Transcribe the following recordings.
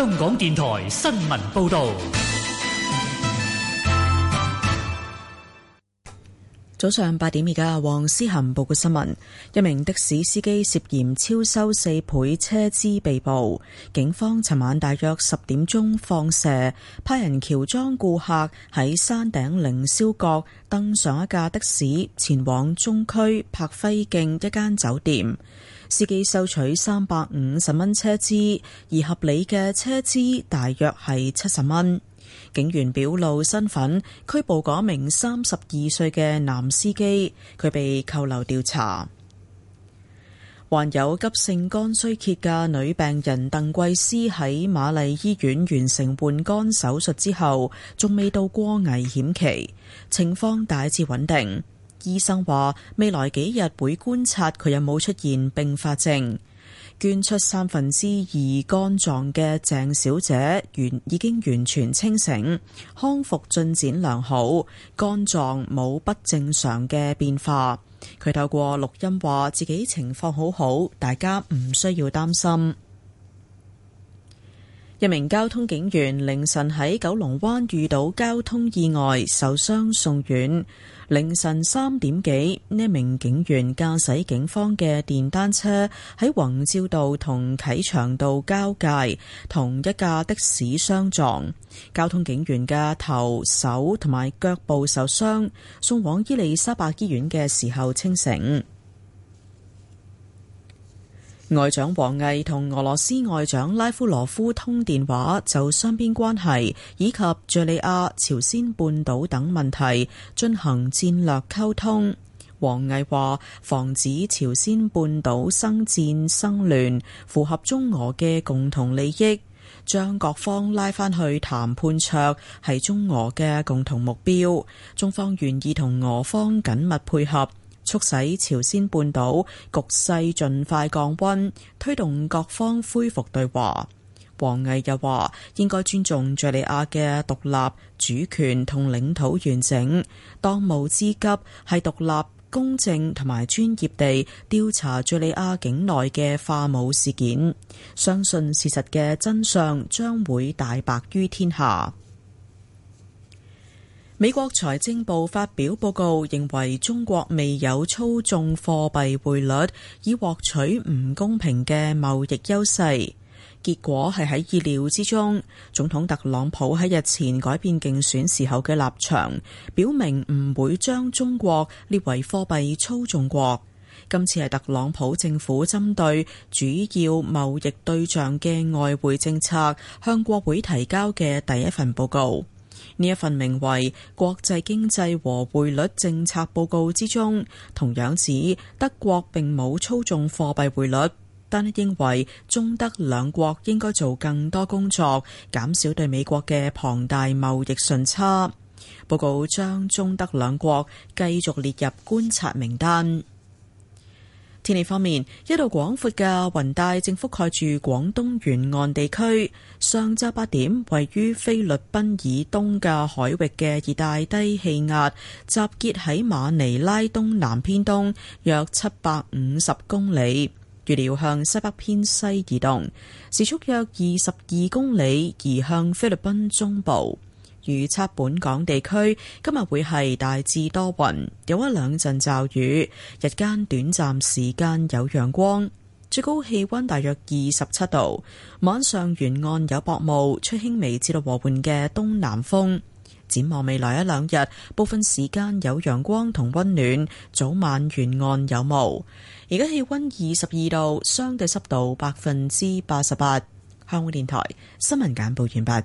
香港電台新聞報道：早上八點，而家黃思涵報告新聞，一名的士司機涉嫌超收四倍車資被捕。警方尋晚大約十點鐘放蛇，派人喬裝顧客喺山頂凌霄閣登上一架的士，前往中區柏輝徑一間酒店。司機收取三百五十蚊車資，而合理嘅車資大約係七十蚊。警員表露身份，拘捕嗰名三十二歲嘅男司機，佢被扣留調查。患有急性肝衰竭嘅女病人鄧桂思喺瑪麗醫院完成換肝手術之後，仲未到過危險期，情況大致穩定。醫生話未來幾日會觀察佢有冇出現併發症。捐出三分之二肝臟嘅鄭小姐完已經完全清醒，康復進展良好，肝臟冇不正常嘅變化。佢透過錄音話自己情況好好，大家唔需要擔心。一名交通警員凌晨喺九龍灣遇到交通意外受傷送院。凌晨三點幾，呢名警員駕駛警方嘅電單車喺宏照道同啟祥道交界同一架的士相撞，交通警員嘅頭、手同埋腳部受傷，送往伊利沙伯醫院嘅時候清醒。外長王毅同俄羅斯外長拉夫羅夫通電話，就雙邊關係以及敘利亞、朝鮮半島等問題進行戰略溝通。王毅話：防止朝鮮半島生戰生亂，符合中俄嘅共同利益。將各方拉翻去談判桌，係中俄嘅共同目標。中方願意同俄方緊密配合。促使朝鮮半島局勢盡快降溫，推動各方恢復對話。王毅又話，應該尊重敘利亞嘅獨立主權同領土完整。當務之急係獨立、公正同埋專業地調查敘利亞境內嘅化武事件。相信事實嘅真相將會大白於天下。美國財政部發表報告，認為中國未有操縱貨幣匯率以獲取唔公平嘅貿易優勢。結果係喺意料之中。總統特朗普喺日前改變競選時候嘅立場，表明唔會將中國列為貨幣操縱國。今次係特朗普政府針對主要貿易對象嘅外匯政策向國會提交嘅第一份報告。呢一份名為《國際經濟和匯率政策報告》之中，同樣指德國並冇操縱貨幣匯率，但認為中德兩國應該做更多工作，減少對美國嘅龐大貿易順差。報告將中德兩國繼續列入觀察名單。天氣方面，一度廣闊嘅雲帶正覆蓋住廣東沿岸地區。上晝八點，位於菲律賓以東嘅海域嘅熱帶低氣壓，集結喺馬尼拉東南偏東約七百五十公里，預料向西北偏西移動，時速約二十二公里，移向菲律賓中部。預測本港地區今日會係大致多雲，有一兩陣驟雨，日間短暫時間有陽光，最高氣溫大約二十七度。晚上沿岸有薄霧，吹輕微至到和緩嘅東南風。展望未來一兩日，部分時間有陽光同溫暖，早晚沿岸有霧。而家氣溫二十二度，相對濕度百分之八十八。香港電台新聞簡報完畢。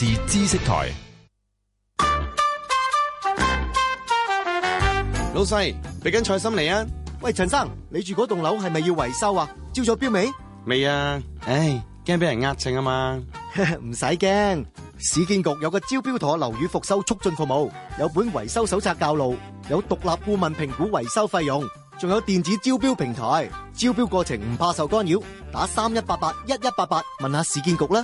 是知識台，老細俾緊菜心嚟啊！喂，陳生，你住嗰棟樓係咪要維修啊？招咗標未？未啊！唉，驚俾人呃秤啊嘛！唔使驚，市建局有個招標妥樓宇復修促進服務，有本維修手冊教路，有獨立顧問評估維修費用，仲有電子招標平台，招標過程唔怕受干擾。打三一八八一一八八問下市建局啦。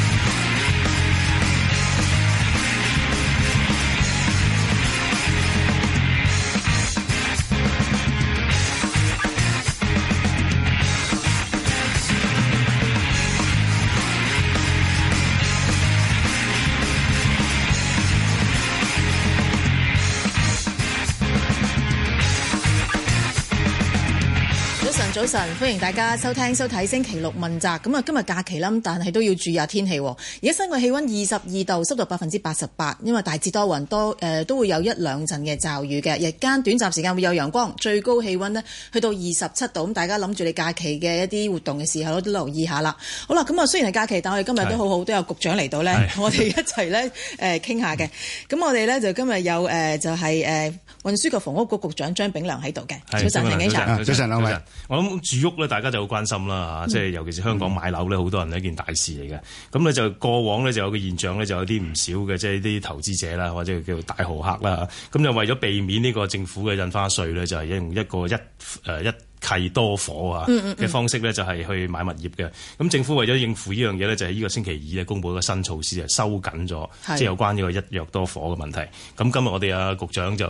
歡迎大家收聽收睇星期六問責，咁啊，今日假期啦，但係都要注意下天氣。而家室外氣溫二十二度，濕度百分之八十八，因為大致多雲，多誒、呃，都會有一兩陣嘅驟雨嘅。日間短暫時間會有陽光，最高氣溫呢去到二十七度。咁大家諗住你假期嘅一啲活動嘅時候都留意下啦。好啦，咁啊雖然係假期，但我哋今日都好好，都有局長嚟,到呢，我哋一齊呢誒傾下嘅。咁我哋呢，就今日有誒、呃、就係、是、誒。呃運輸及房屋局局長張炳良喺度嘅，早晨，梁啟早晨兩位。我諗住屋咧，大家就好關心啦嚇，即係尤其是香港買樓咧，好多人係一件大事嚟嘅。咁、嗯、咧就過往咧就有個現象咧，就有啲唔少嘅，即係啲投資者啦，或者叫做大豪客啦。咁就為咗避免呢個政府嘅印花稅咧，就係用一個一誒、呃、一。契多伙啊嘅方式咧，就係去買物業嘅。咁、嗯嗯嗯、政府為咗應付呢樣嘢咧，就係、是、呢個星期二咧公佈一個新措施，係收緊咗，即係有關呢個一約多伙嘅問題。咁今日我哋啊局長就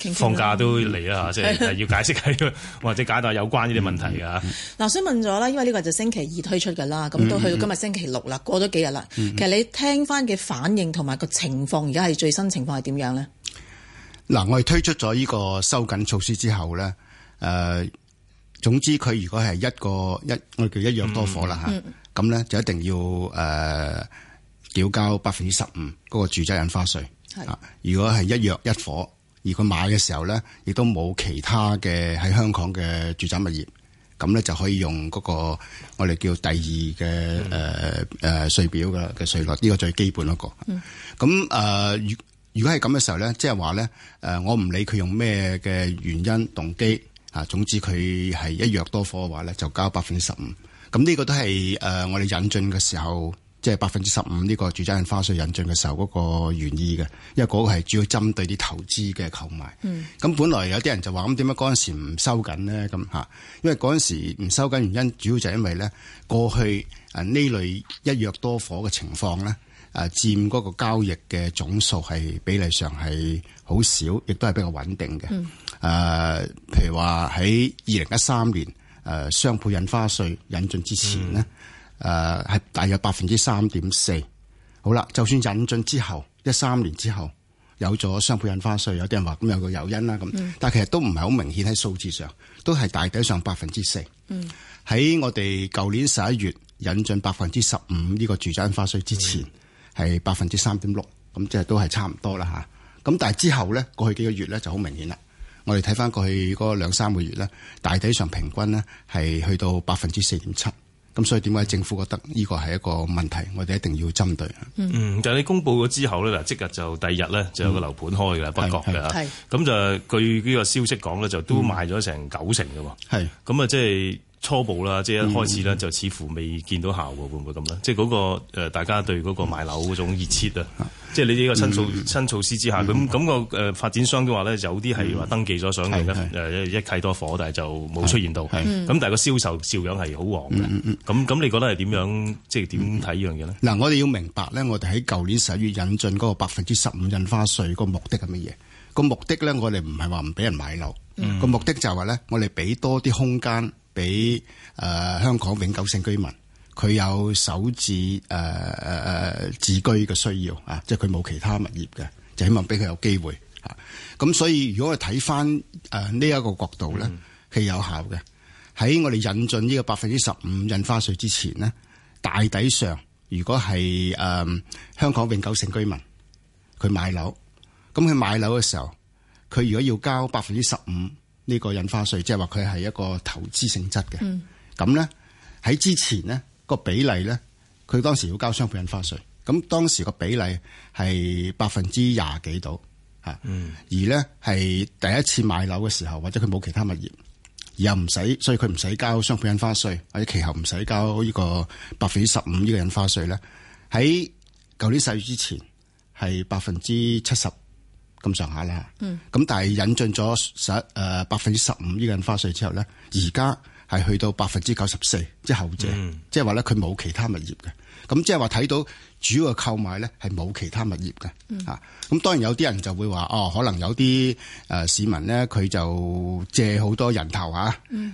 誒放假都嚟啦，即係、就是、要解釋或者解答有關呢啲問題㗎嗱、嗯嗯嗯嗯，所以問咗啦，因為呢個就星期二推出嘅啦，咁都去到今日星期六啦、嗯嗯，過咗幾日啦、嗯嗯。其實你聽翻嘅反應同埋個情況，而家係最新情況係點樣呢？嗱，我哋推出咗呢個收緊措施之後咧。誒、呃，總之佢如果係一個一我叫一約多伙啦吓，咁、嗯、咧、啊、就一定要誒繳、呃、交百分之十五嗰個住宅印花稅。係、啊，如果係一約一伙，而佢買嘅時候咧，亦都冇其他嘅喺香港嘅住宅物業，咁咧就可以用嗰個我哋叫第二嘅誒誒稅表嘅嘅稅率呢、這個最基本一、那個。咁、嗯、誒、呃，如果係咁嘅時候咧，即係話咧，誒、呃、我唔理佢用咩嘅原因動機。啊，總之佢係一約多伙嘅話咧，就交百分之十五。咁呢個都係誒，我哋引進嘅時候，即係百分之十五呢個住宅印花稅引進嘅時候嗰個原意嘅。因為嗰個係主要針對啲投資嘅購買。嗯。咁本來有啲人就話：「咁點解嗰陣時唔收緊呢？」咁吓，因為嗰陣時唔收緊原因，主要就係因為咧過去啊呢類一約多伙嘅情況咧，啊佔嗰個交易嘅總數係比例上係好少，亦都係比較穩定嘅。嗯。誒、呃，譬如話喺二零一三年，誒、呃，雙倍印花稅引進之前呢誒，係、嗯呃、大約百分之三點四。好啦，就算引進之後，一三年之後有咗雙倍印花稅，有啲人話咁有個誘因啦，咁、嗯，但係其實都唔係好明顯喺數字上，都係大抵上百分之四。嗯，喺我哋舊年十一月引進百分之十五呢個住宅印花稅之前，係百分之三點六，咁即係都係差唔多啦吓。咁、啊、但係之後咧，過去幾個月咧就好明顯啦。我哋睇翻過去嗰兩三個月咧，大體上平均咧係去到百分之四點七，咁所以點解政府覺得呢個係一個問題，我哋一定要針對。嗯，但係你公布咗之後咧，嗱即日就第二日咧就有個樓盤開嘅北角嘅嚇，咁就據呢個消息講咧，就都賣咗成九成嘅喎。係，咁啊即係。初步啦，即係一開始咧，嗯，就似乎未見到效果會不會唔會咁呢？即係嗰，嗰個，呃、大家對嗰個買樓嗰種熱切啊，嗯，即係你呢個新措新，嗯、措施之下，咁咁個誒發展商嘅話咧，有啲係話登記咗上嚟，嗯、一契多伙，但係就冇出現到。咁，嗯、但係個銷售照樣係好旺嘅。咁，嗯、咁，你覺得係點樣？即係點睇呢樣嘢呢？嗱，嗯嗯，我哋要明白咧，我哋喺舊年十一月引進嗰個百分之十五印花稅個目的係乜嘢？個目的咧，我哋唔係話唔俾人買樓，個，嗯、目的就係話咧，我哋俾多啲空間。俾誒、呃、香港永久性居民，佢有首置誒誒自居嘅需要啊，即係佢冇其他物業嘅，就希望俾佢有機會吓。咁、啊、所以如果我哋睇翻誒呢一個角度咧，係有效嘅。喺我哋引進呢個百分之十五印花稅之前呢，大抵上如果係誒、呃、香港永久性居民，佢買樓，咁佢買樓嘅時候，佢如果要交百分之十五。呢、這個印花稅，即係話佢係一個投資性質嘅。咁咧喺之前呢個比例咧，佢當時要交雙倍印花稅，咁當時個比例係百分之廿幾度嚇、嗯，而咧係第一次買樓嘅時候，或者佢冇其他物業，而又唔使，所以佢唔使交雙倍印花稅，或者其後唔使交呢個百分之十五呢個印花稅咧。喺舊年十月之前係百分之七十。咁上下啦，咁但係引進咗十誒百分之十五呢個印花稅之後咧，而家係去到百分之九十四，即是後者，即係話咧佢冇其他物業嘅，咁即係話睇到主要購買咧係冇其他物業嘅，啊、嗯，咁當然有啲人就會話哦，可能有啲誒市民咧佢就借好多人頭啊，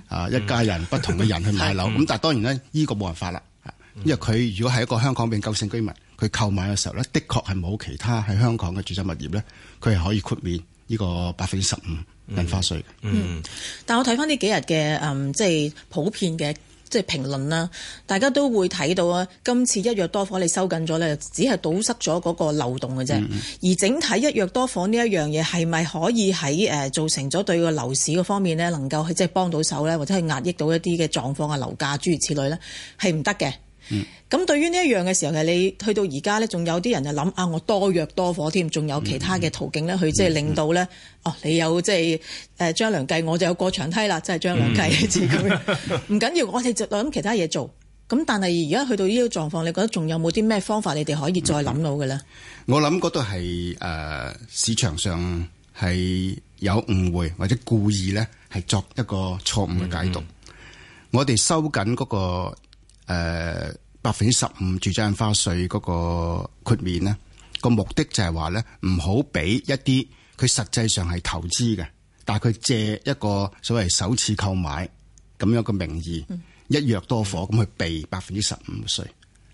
啊、嗯、一家人不同嘅人去買樓，咁、嗯、但係當然咧呢個冇辦法啦，因為佢如果係一個香港永久性居民。佢購買嘅時候咧，的確係冇其他喺香港嘅住宅物業咧，佢係可以豁免呢個百分之十五印花稅嘅。嗯。嗯，但我睇返呢幾日嘅嗯，即係普遍嘅即係評論啦，大家都會睇到啊，今次一約多伙你收緊咗咧，只係堵塞咗嗰個漏洞嘅啫。而整體一約多伙呢一樣嘢係咪可以喺誒造成咗對個樓市嘅方面咧，能夠係即係幫到手咧，或者係壓抑到一啲嘅狀況啊樓價諸如此類咧，係唔得嘅。嗯。咁對於呢一樣嘅時候，係你去到而家咧，仲有啲人就諗啊，我多約多伙添，仲有其他嘅途徑咧、嗯，去即係令到咧、嗯嗯，哦，你有即係誒張良計，我就有過牆梯啦，即、就、係、是、張良計。唔緊要，我哋就諗其他嘢做。咁但係而家去到呢個狀況，你覺得仲有冇啲咩方法，你哋可以再諗到嘅咧、嗯？我諗嗰度係誒市場上係有誤會或者故意咧，係作一個錯誤嘅解讀。嗯嗯、我哋收緊嗰、那個、呃百分之十五住宅印花稅嗰個豁免咧，個目的就係話咧唔好俾一啲佢實際上係投資嘅，但係佢借一個所謂首次購買咁樣嘅名義，嗯、一約多伙咁、嗯、去避百分之十五稅，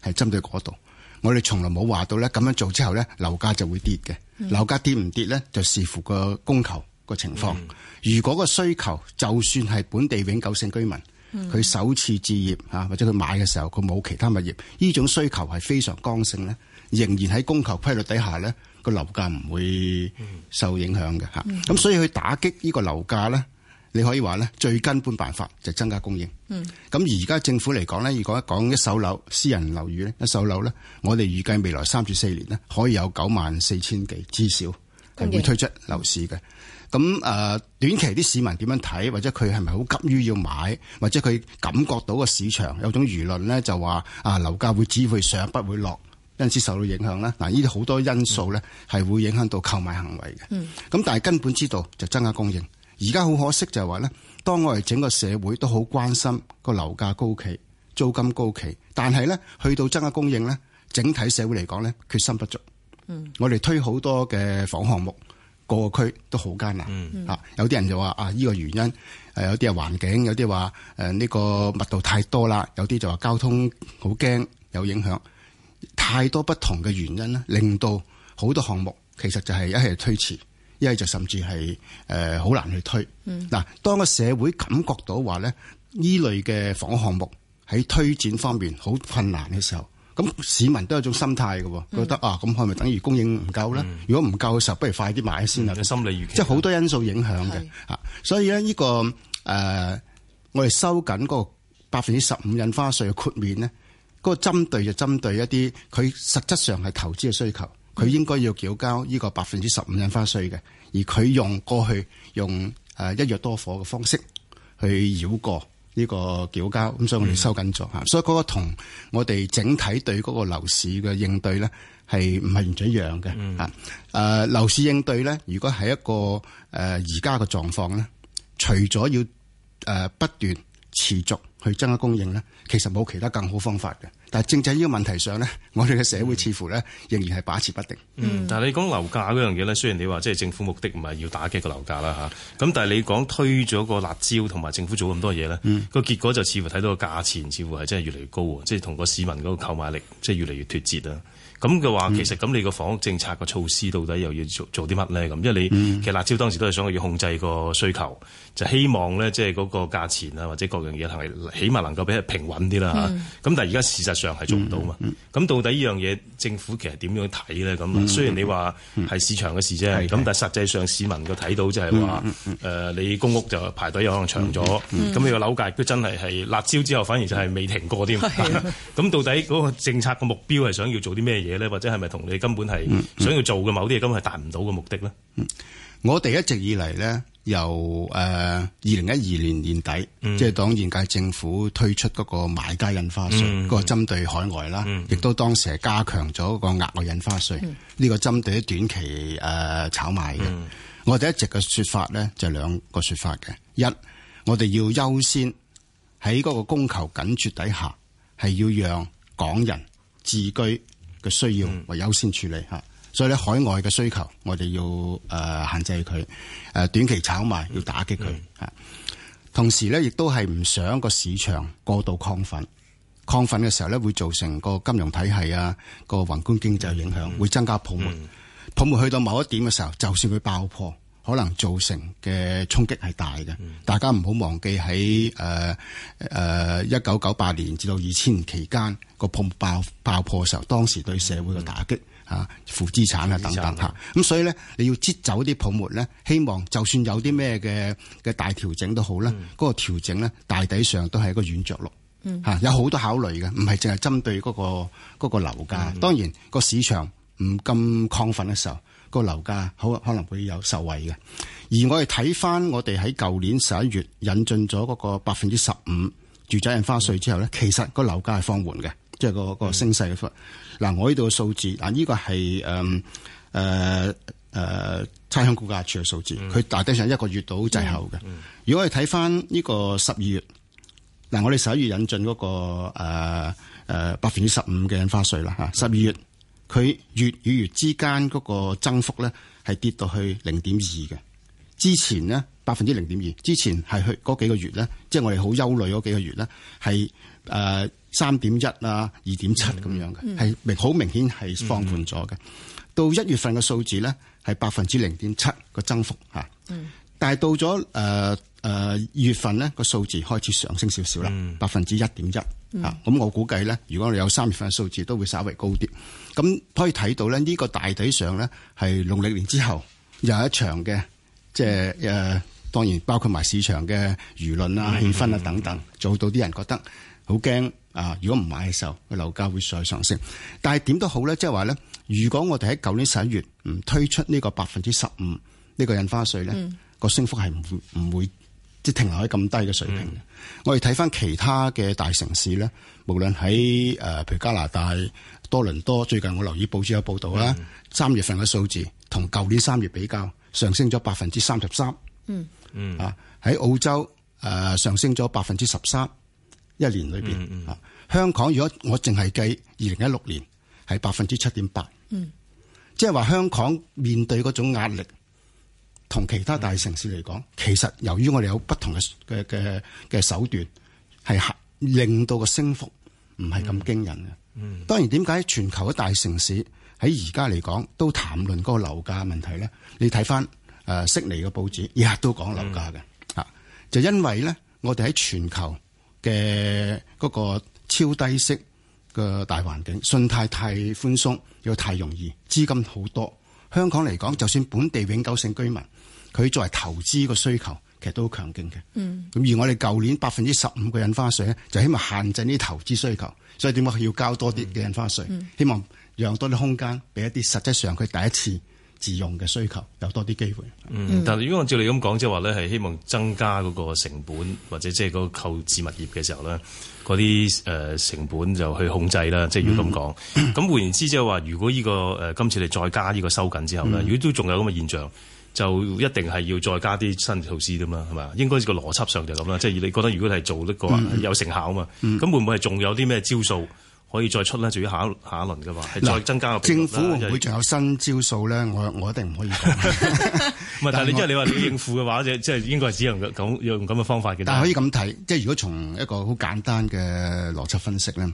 係針對嗰度。我哋從來冇話到咧，咁樣做之後咧，樓價就會跌嘅。樓價跌唔跌咧，就視乎個供求個情況、嗯。如果個需求就算係本地永久性居民。佢、嗯、首次置業啊，或者佢買嘅時候佢冇其他物業，呢種需求係非常剛性呢，仍然喺供求規律底下呢，個樓價唔會受影響嘅吓。咁、嗯嗯、所以去打擊呢個樓價呢，你可以話呢，最根本辦法就增加供應。咁、嗯、而家政府嚟講呢，如果一講一手樓、私人樓宇呢，一手樓呢，我哋預計未來三至四年呢，可以有九萬四千幾，至少係會推出樓市嘅。咁誒短期啲市民點樣睇，或者佢係咪好急於要買，或者佢感覺到個市場有種輿論呢，就話啊樓價會只會上不會落，因此受到影響咧。嗱，呢啲好多因素呢係會影響到購買行為嘅。咁但係根本之道就增加供應。而家好可惜就係話呢，當我哋整個社會都好關心個樓價高企、租金高企，但係呢去到增加供應呢，整體社會嚟講呢決心不足。嗯，我哋推好多嘅房項目。個個區都好艱難，嗯啊、有啲人就話啊呢、呢個原因，誒有啲係環境，有啲話誒呢個密度太多啦，有啲就話交通好驚有影響，太多不同嘅原因令到好多項目其實就係一係推遲，一係就甚至係誒好難去推。嗱、嗯啊，當個社會感覺到的話咧，呢類嘅房屋項目喺推展方面好困難嘅時候。咁市民都係一種心態嘅，覺得、嗯、啊，咁係咪等於供應唔夠咧？如果唔夠嘅時候，不如快啲買先啦、嗯。即心理預期，即係好多因素影響嘅嚇。所以咧、呢個，呢個誒，我哋收緊嗰個百分之十五印花稅嘅豁免咧，嗰、嗰個針對就針對一啲佢實質上係投資嘅需求，佢應該要繳交呢個百分之十五印花稅嘅，而佢用過去用誒一約多伙嘅方式去繞過。呢個繳交咁，所以我哋收緊咗嚇，所以嗰個同我哋整體對嗰個樓市嘅應對咧，係唔係完全一樣嘅嚇？誒樓市應對咧，如果係一個誒而家嘅狀況咧，除咗要誒不斷持續。去增加供應咧，其實冇其他更好方法嘅。但係正喺呢個問題上咧，我哋嘅社會似乎咧仍然係把持不定。嗯，但係你講樓價嗰樣嘢咧，雖然你話即係政府目的唔係要打擊個樓價啦嚇，咁但係你講推咗個辣招同埋政府做咁多嘢咧，個、嗯、結果就似乎睇到個價錢似乎係真係越嚟越高喎，即係同個市民嗰個購買力即係越嚟越脫節啦。咁嘅話、嗯，其實咁你個房屋政策個措施到底又要做做啲乜咧？咁因為你、嗯、其實辣椒當時都係想要控制個需求，就希望咧即係嗰個價錢啊或者各樣嘢係咪起碼能夠俾佢平穩啲啦，咁但係而家事實上係做唔到嘛。咁、嗯嗯、到底呢樣嘢政府其實點樣睇咧？咁、嗯、雖然你話係市場嘅事啫，咁、嗯嗯、但係實際上市民個睇到就係話誒，你公屋就排隊有可能長咗，咁、嗯嗯嗯、你個樓價亦都真係係辣椒之後反而就係未停過添。咁、嗯嗯、 到底嗰個政策個目標係想要做啲咩嘢？或者係咪同你根本係想要做嘅某啲嘢，根本係達唔到嘅目的咧？我哋一直以嚟咧，由誒二零一二年年底，嗯、即係當現屆政府推出嗰個買家印花稅，嗯嗰個針對海外啦、嗯，亦都當時係加強咗個額外印花稅呢、嗯呢個針對短期誒、呃、炒賣嘅、嗯。我哋一直嘅說法咧，就兩、係、個說法嘅一，我哋要優先喺嗰個供求緊絀底下，係要讓港人自居。嘅需要，為優先處理吓、嗯，所以咧海外嘅需求，我哋要誒限制佢，誒短期炒賣要打擊佢嚇，同時咧亦都係唔想個市場過度亢奮亢奮嘅時候咧會造成個金融體系啊個宏觀經濟影響、嗯、會增加泡沫、嗯，泡沫去到某一點嘅時候，就算佢爆破。可能造成嘅衝擊係大嘅、嗯，大家唔好忘記在，喺誒誒一九九八年至到二千年期間個泡沫爆爆破嘅時候，當時對社會嘅打擊嚇負資產啊等等吓，咁、啊、所以咧你要擠走啲泡沫咧，希望就算有啲咩嘅嘅大調整都好啦，嗰、嗯嗰個調整咧大抵上都係一個軟着陸，吓、嗯啊，有好多考慮嘅，唔係淨係針對嗰、嗰個嗰、嗰個樓價，嗯、當然、嗰個市場唔咁亢奮嘅時候。那個樓價好可能會有受惠嘅，而我哋睇翻我哋喺舊年十一月引進咗嗰個百分之十五住宅印花稅之後咧、嗯，其實個樓價係放緩嘅，即係個個升勢嘅。嗱、嗯，我呢度嘅數字，嗱、這、呢個係誒誒誒，差餉估價署嘅數字，佢、嗯、大抵上一個月到滯後嘅。如果我哋睇翻呢個十二月，嗱我哋十一月引進嗰、那個誒誒百分之十五嘅印花稅啦吓，十二月。佢月與月之間嗰個增幅咧，係跌到去零點二嘅。之前呢，百分之零點二，之前係去嗰幾個月咧，即係我哋好憂慮嗰幾個月咧，係誒三點一啦、二點七咁樣嘅，係明好明顯係放緩咗嘅。到一月份嘅數字咧係百分之零點七個增幅嚇，但係到咗誒誒二月份咧，個數字開始上升少少啦，百分之一點一。嗯1 .1 啊、嗯，咁我估計咧，如果我哋有三月份嘅數字，都會稍微高啲。咁可以睇到咧，呢、呢個大體上咧，係農曆年之後又一場嘅，即係誒當然包括埋市場嘅輿論啊、氣氛啊等等，做到啲人覺得好驚啊！如果唔買嘅時候，樓價會再上升。但係點都好咧，即係話咧，如果我哋喺舊年十一月唔推出呢個百分之十五呢個印花稅咧，嗯嗰個升幅係唔唔會即停留喺咁低嘅水平，嗯、我哋睇翻其他嘅大城市咧，無論喺誒，譬、呃、如加拿大多倫多，最近我留意報紙有報道啦、嗯，三月份嘅數字同舊年三月比較上升咗百分之三十三。嗯嗯，喺、啊、澳洲誒、呃、上升咗百分之十三一年裏邊嗯、嗯、啊、香港如果我淨係計二零一六年係百分之七點八。嗯，即係話香港面對嗰種壓力。同其他大城市嚟講，其實由於我哋有不同嘅嘅嘅嘅手段，係令到個升幅唔係咁驚人嘅。嗯，當然點解全球嘅大城市喺而家嚟講都談論嗰個樓價問題咧？你睇翻誒悉尼嘅報紙，亦都講樓價嘅啊，就因為咧我哋喺全球嘅嗰個超低息嘅大環境，信貸太寬鬆又太容易，資金好多。香港嚟講，就算本地永久性居民。佢作為投資個需求，其實都好強勁嘅。嗯，咁而我哋舊年百分之十五嘅印花稅咧，就希望限制呢啲投資需求，所以點解佢要交多啲嘅印花稅？嗯？希望讓多啲空間俾一啲實際上佢第一次自用嘅需求，有多啲機會。嗯，嗯，但係如果按照你咁講，即係話咧，係希望增加嗰個成本，或者即係嗰個購置物業嘅時候咧，嗰啲誒成本就去控制啦。即係如果咁講。咁、嗯、換言之，即係話，如果呢、呢個誒、呃、今次你再加呢個收緊之後咧、嗯，如果都仲有咁嘅現象。就一定係要再加啲新措施啫嘛，係嘛？應該個邏輯上就咁啦，即、就、係、是、你覺得如果你係做呢個有成效啊嘛，咁、嗯、會唔會係仲有啲咩招數可以再出咧？仲要下下一輪嘅話，係、嗯、再增加政府會唔會仲有新招數咧？就是、 我我一定唔可以講。唔 係， 係你即係 你話你要應付嘅話，即係即係應該係只能咁用咁嘅方法嘅。但係可以咁睇，即、就、係、是、如果從一個好簡單嘅邏輯分析咧，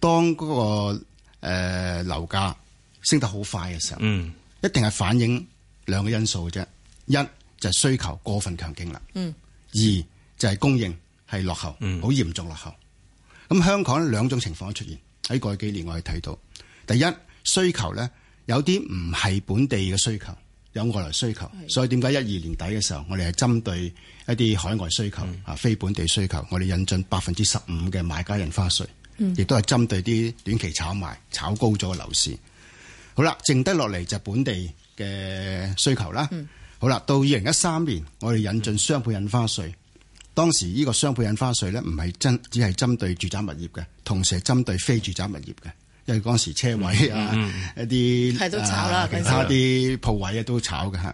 當嗰、那個誒、呃、樓價升得好快嘅時候，嗯，一定係反映。兩個因素嘅啫，一就係、是、需求過分強勁啦，二就係、是、供應係落後，好、嗯、嚴重落後。咁香港兩種情況出現喺過去幾年我哋睇到，第一需求呢，有啲唔係本地嘅需求，有外來需求，所以點解一二年底嘅時候我哋係針對一啲海外需求啊、嗯、非本地需求，我哋引進百分之十五嘅買家印花稅，亦都係針對啲短期炒賣炒高咗嘅樓市。好啦，剩低落嚟就係本地。嘅需求啦、嗯，好啦，到二零一三年我哋引進雙倍印花稅、嗯，當時呢個雙倍印花稅咧唔係針，只係針對住宅物業嘅，同時係針對非住宅物業嘅，因為嗰陣時車位啊、嗯嗯、一啲係都炒啦，其他啲鋪位啊都炒嘅吓，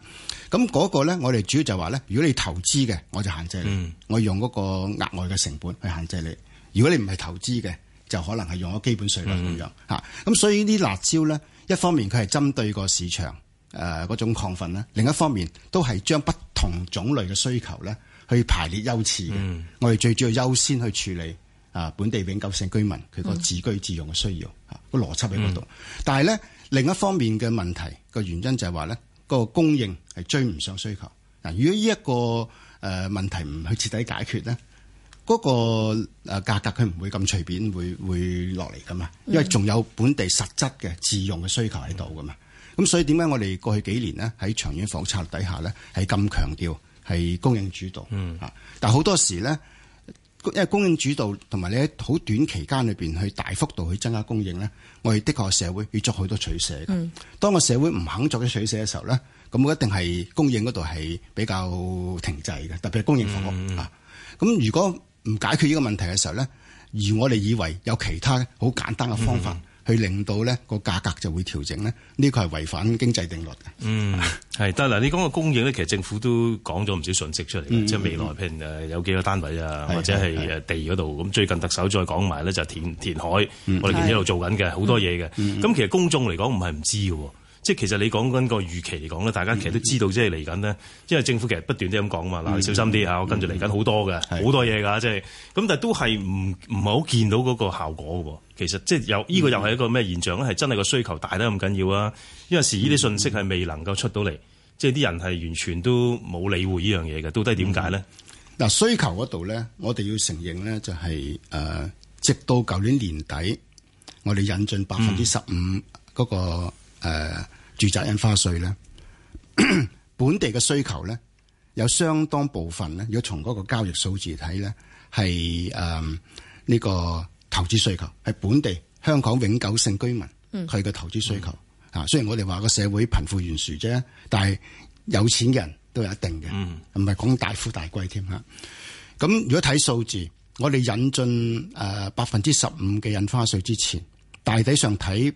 咁、嗯、嗰、嗰個咧我哋主要就話咧，如果你投資嘅，我就限制你，嗯、我用嗰個額外嘅成本去限制你；如果你唔係投資嘅，就可能係用咗基本稅率咁樣吓。咁、嗯、所以呢啲辣椒咧，一方面佢係針對個市場。誒、呃、嗰種亢奮啦，另一方面都係將不同種類嘅需求咧，去排列優次嘅、嗯。我哋最主要優先去處理啊、呃，本地永久性居民佢個自居自用嘅需要嚇個、嗯啊、邏輯喺嗰度。但係咧另一方面嘅問題個原因就係話咧，個供應係追唔上需求嗱、呃。如果呢、這、一個誒、呃、問題唔去徹底解決咧，嗰、那個誒、啊、價格佢唔會咁隨便會會落嚟噶嘛，因為仲有本地實質嘅自用嘅需求喺度噶嘛。咁所以點解我哋過去幾年呢，喺長遠房策底下咧係咁強調係供應主導，嗯、但係好多時咧，因為供應主導同埋你喺好短期間裏面去大幅度去增加供應咧，我哋的確社會要作好多取捨嘅、嗯。當個社會唔肯作啲取捨嘅時候咧，咁一定係供應嗰度係比較停滯嘅，特別係供應房屋嚇。咁、嗯、如果唔解決呢個問題嘅時候咧，而我哋以為有其他好簡單嘅方法。嗯去令到咧個價格就會調整咧，呢個係違反經濟定律嘅。嗯，係得嗱，你講個供應咧，其實政府都講咗唔少信息出嚟、嗯，即係未來譬如有幾個單位啊，或者係地嗰度。咁最近特首再講埋咧就係、填填海，嗯、我哋其實一路做緊嘅，好多嘢嘅。咁、嗯、其實公眾嚟講唔係唔知喎。即係其實你講緊個預期嚟講咧，大家其實都知道，即係嚟緊呢，因為政府其實不斷都咁講嘛，嗱、嗯、小心啲嚇、嗯。我跟住嚟緊好多嘅好多嘢㗎，即係咁，但係都係唔唔係好見到嗰個效果嘅。其實即係有依、嗯這個又係一個咩現象咧？係真係個需求大得咁緊要啊！因為時依啲信息係未能夠出到嚟、嗯，即係啲人係完全都冇理會呢樣嘢嘅。到底點解咧？嗱、嗯啊，需求嗰度咧，我哋要承認咧、就係，就係誒，直到舊年年底，我哋引進百分之十五嗰個。嗯誒、呃、住宅印花稅咧，本地嘅需求咧有相當部分咧，如果從嗰個交易數字睇咧，係誒呢個投資需求係本地香港永久性居民佢嘅、嗯、投資需求啊、嗯。雖然我哋話個社會貧富懸殊啫，但係有錢嘅人都有一定嘅，唔係講大富大貴添嚇。咁如果睇數字，我哋引進誒百分之十五嘅印花稅之前，大體上睇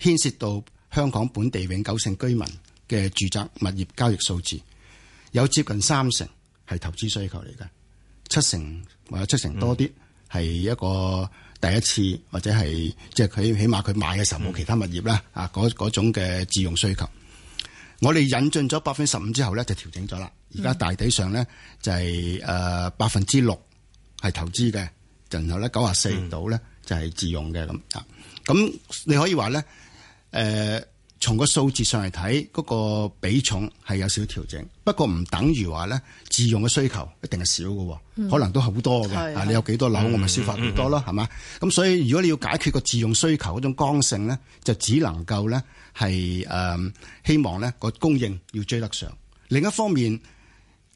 牽涉到。香港本地永久性居民嘅住宅物業交易數字，有接近三成係投資需求嚟嘅，七成或者七成多啲係、嗯、一個第一次或者係即係佢起碼佢買嘅時候冇其他物業啦，嗰嗰、嗯、種嘅自用需求。我哋引進咗百分之十五之後咧，就調整咗啦。而家大體上咧就係誒百分之六係投資嘅，然後咧九啊四度咧就係自用嘅咁啊。咁、嗯、你可以話咧。誒、呃，從個數字上嚟睇，嗰、那個比重係有少少調整，不過唔等於話咧自用嘅需求一定係少嘅、嗯，可能都好多嘅。啊，你有幾多樓、嗯，我咪消化幾多咯，係、嗯、嘛？咁、嗯、所以如果你要解決個自用需求嗰種剛性咧，就只能夠咧係誒希望咧個供應要追得上。另一方面，誒、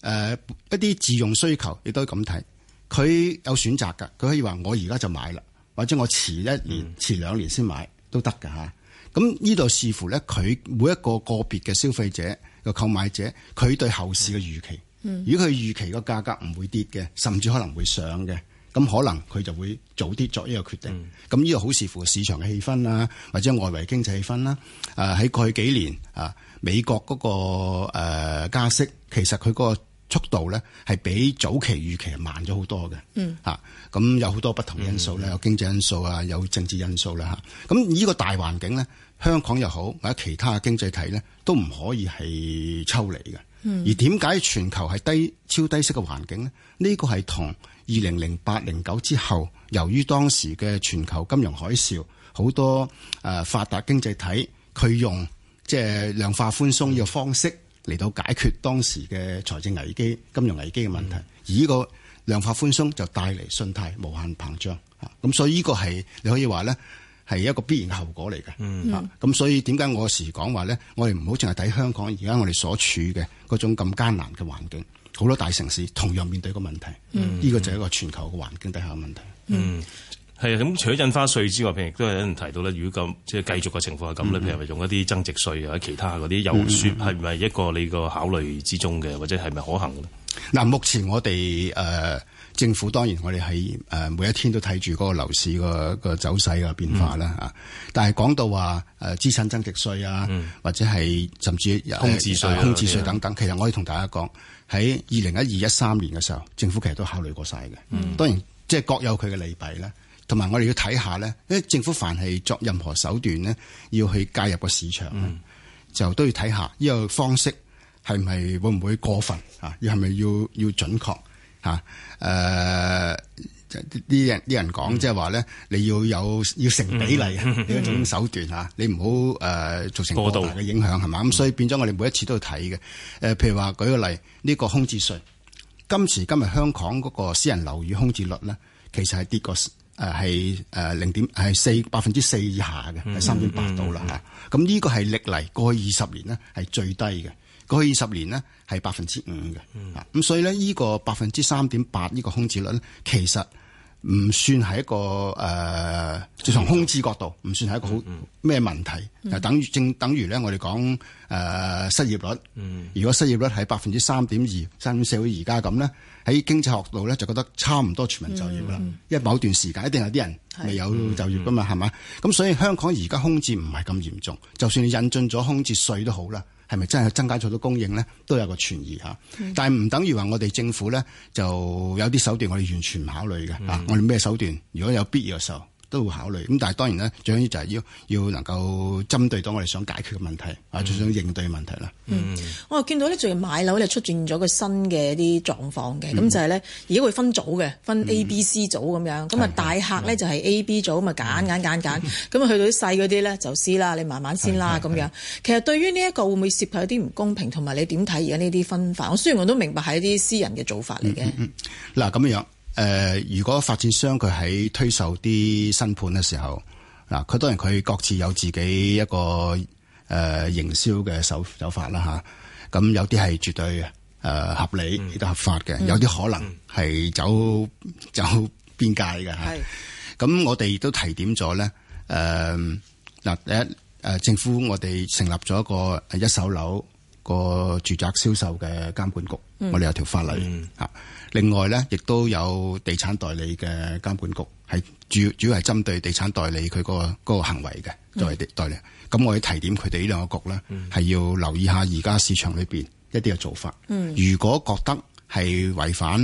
呃、一啲自用需求亦都係咁睇，佢有選擇噶，佢可以話我而家就買啦，或者我遲一年、遲兩年先買都得㗎。吓。咁呢度視乎咧，佢每一個個別嘅消費者個購買者，佢對後市嘅預期。如果佢預期個價格唔會跌嘅，甚至可能會上嘅，咁可能佢就會早啲作呢個決定。咁呢個好視乎市場嘅氣氛啦，或者外圍經濟氣氛啦。喺過去幾年啊，美國嗰個誒加息，其實佢嗰個速度咧係比早期預期慢咗好多嘅。嗯。嚇，咁有好多不同因素啦、嗯，有經濟因素啊，有政治因素啦嚇。咁呢個大環境咧。香港又好或者其他嘅經濟體呢，都唔可以係抽離嘅、嗯。而點解全球係低超低息嘅環境呢？呢、呢個係同二零零八零九之後，由於當時嘅全球金融海嘯，好多誒、呃、發達經濟體佢用即係量化寬鬆呢個方式嚟到解決當時嘅財政危機、金融危機嘅問題。嗯、而呢個量化寬鬆就帶嚟信貸無限膨脹。嚇、啊，咁所以呢個係你可以話呢。係一個必然嘅後果嚟嘅、嗯，啊，咁所以點解我時講話咧？我哋唔好淨係睇香港而家我哋所處嘅嗰種咁艱難嘅環境，好多大城市同樣面對一個問題，呢個就係一個全球嘅環境底下嘅問題。嗯、係、這、啊、個、咁、嗯嗯、除咗印花稅之外，譬如都有人提到咧，如果咁即係繼續嘅情況下，咁、嗯、你譬如係用一啲增值稅啊，或者其他嗰啲遊說係唔係一個你個考慮之中嘅，或者係咪可行嘅咧？嗱、啊，目前我哋誒。呃政府當然，我哋喺誒每一天都睇住嗰個樓市個個走勢嘅變化啦嚇、嗯。但係講到話誒資產增值稅啊、嗯，或者係甚至空置稅、空置稅等等、啊，其實我可以同大家講喺二零一二一三年嘅時候，政府其實都考慮過晒嘅、嗯。當然，即、就、係、是、各有佢嘅利弊啦。同埋我哋要睇下咧，因為政府凡係作任何手段咧，要去介入個市場、嗯，就都要睇下呢個方式係咪會唔會過分啊？又係咪要要準確？吓、啊、誒，啲、呃、人啲人講即係話咧，你要有要成比例啊，呢、嗯、一種手段吓、嗯嗯，你唔好誒造成過大嘅影響係嘛，咁所以變咗我哋每一次都要睇嘅。誒、呃，譬如話舉個例，呢、這個空置稅，今時今日香港嗰個私人樓宇空置率呢，其實係跌過誒係誒零點係四百分之四以下嘅，係三點八度啦吓。咁呢、嗯嗯、個係歷嚟過去二十年呢，係最低嘅。過去二十年呢係百分之五嘅，咁所以咧呢個百分之三點八呢個空置率呢，其實唔算係一個誒，就、呃、從空置角度唔算係一個好咩問題。等正等於咧，於我哋講誒失業率，如果失業率係百分之三點二，三點四而家咁咧。喺經濟學度咧就覺得差唔多全民就業啦，嗯、因為某段時間一定有啲人未有就業噶嘛，係嘛？咁所以香港而家空置唔係咁嚴重，就算你引進咗空置稅都好啦，係咪真係增加咗啲供應咧？都有個存疑嚇。嗯、但係唔等於話我哋政府咧就有啲手段，我哋完全唔考慮嘅、嗯、啊！我哋咩手段？如果有必要嘅時候。都會考慮，咁但係當然最緊要就係要要能夠針對到我哋想解決嘅問題，啊、嗯，最想應對嘅問題啦、嗯。嗯，我又見到呢，最近買樓咧出現咗個新嘅啲狀況嘅，咁、嗯、就係呢，而家會分組嘅，分 A、B、C 組咁樣，咁、嗯、啊大客呢、嗯，就係 A、B、嗯、組，咁啊揀揀揀揀，咁啊去到啲細嗰啲呢，就 C 啦，你慢慢先啦咁樣、嗯。其實對於呢、這、一個會唔會涉及一啲唔公平，同埋你點睇而家呢啲分法？我雖然我都明白係一啲私人嘅做法嚟嘅。嗱、嗯，咁、嗯嗯、樣。誒、呃，如果發展商佢喺推售啲新盤嘅時候，嗱，佢當然佢各自有自己一個誒營銷嘅手手法啦，吓，咁、啊、有啲係絕對誒、呃、合理亦都合法嘅，嗯，有啲可能係走、嗯、走邊界嘅吓。咁、啊、我哋亦都提點咗咧，誒、呃、嗱第一誒政府，我哋成立咗一個一手樓個住宅銷售嘅監管局，嗯、我哋有條法例吓。嗯另外咧，亦都有地產代理嘅監管局，係主要主要係針對地產代理佢嗰個嗰個行為嘅，作為代理。咁、嗯、我要提點佢哋呢兩個局咧，係、嗯、要留意下而家市場裏邊一啲嘅做法。嗯、如果覺得係違反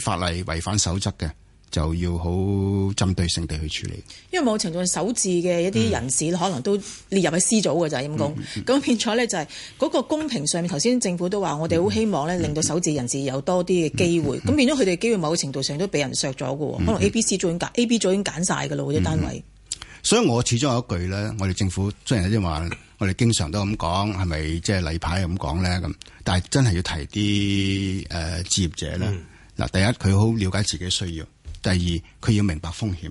法例、違反守則嘅。就要好針對性地去處理，因為某程度上首置嘅一啲人士，嗯、可能都列入喺 C 組嘅，嗯嗯。就係陰公咁變咗咧。就係嗰個公平上面，頭先政府都話，我哋好希望咧，嗯，令到首置人士有多啲嘅機會。咁，嗯嗯、變咗佢哋機會，某程度上都俾人削咗嘅，嗯。可能 A、B、C 組已經揀 A，嗯、B 組已經揀曬㗎啦，嗰啲單位。所以我始終有一句咧，我哋政府雖然啲人話，我哋經常都咁講，係咪即係例牌咁講咧咁？但係真係要提啲誒，呃、置業者咧嗱，嗯，第一佢好了解自己需要。第二，佢要明白風險。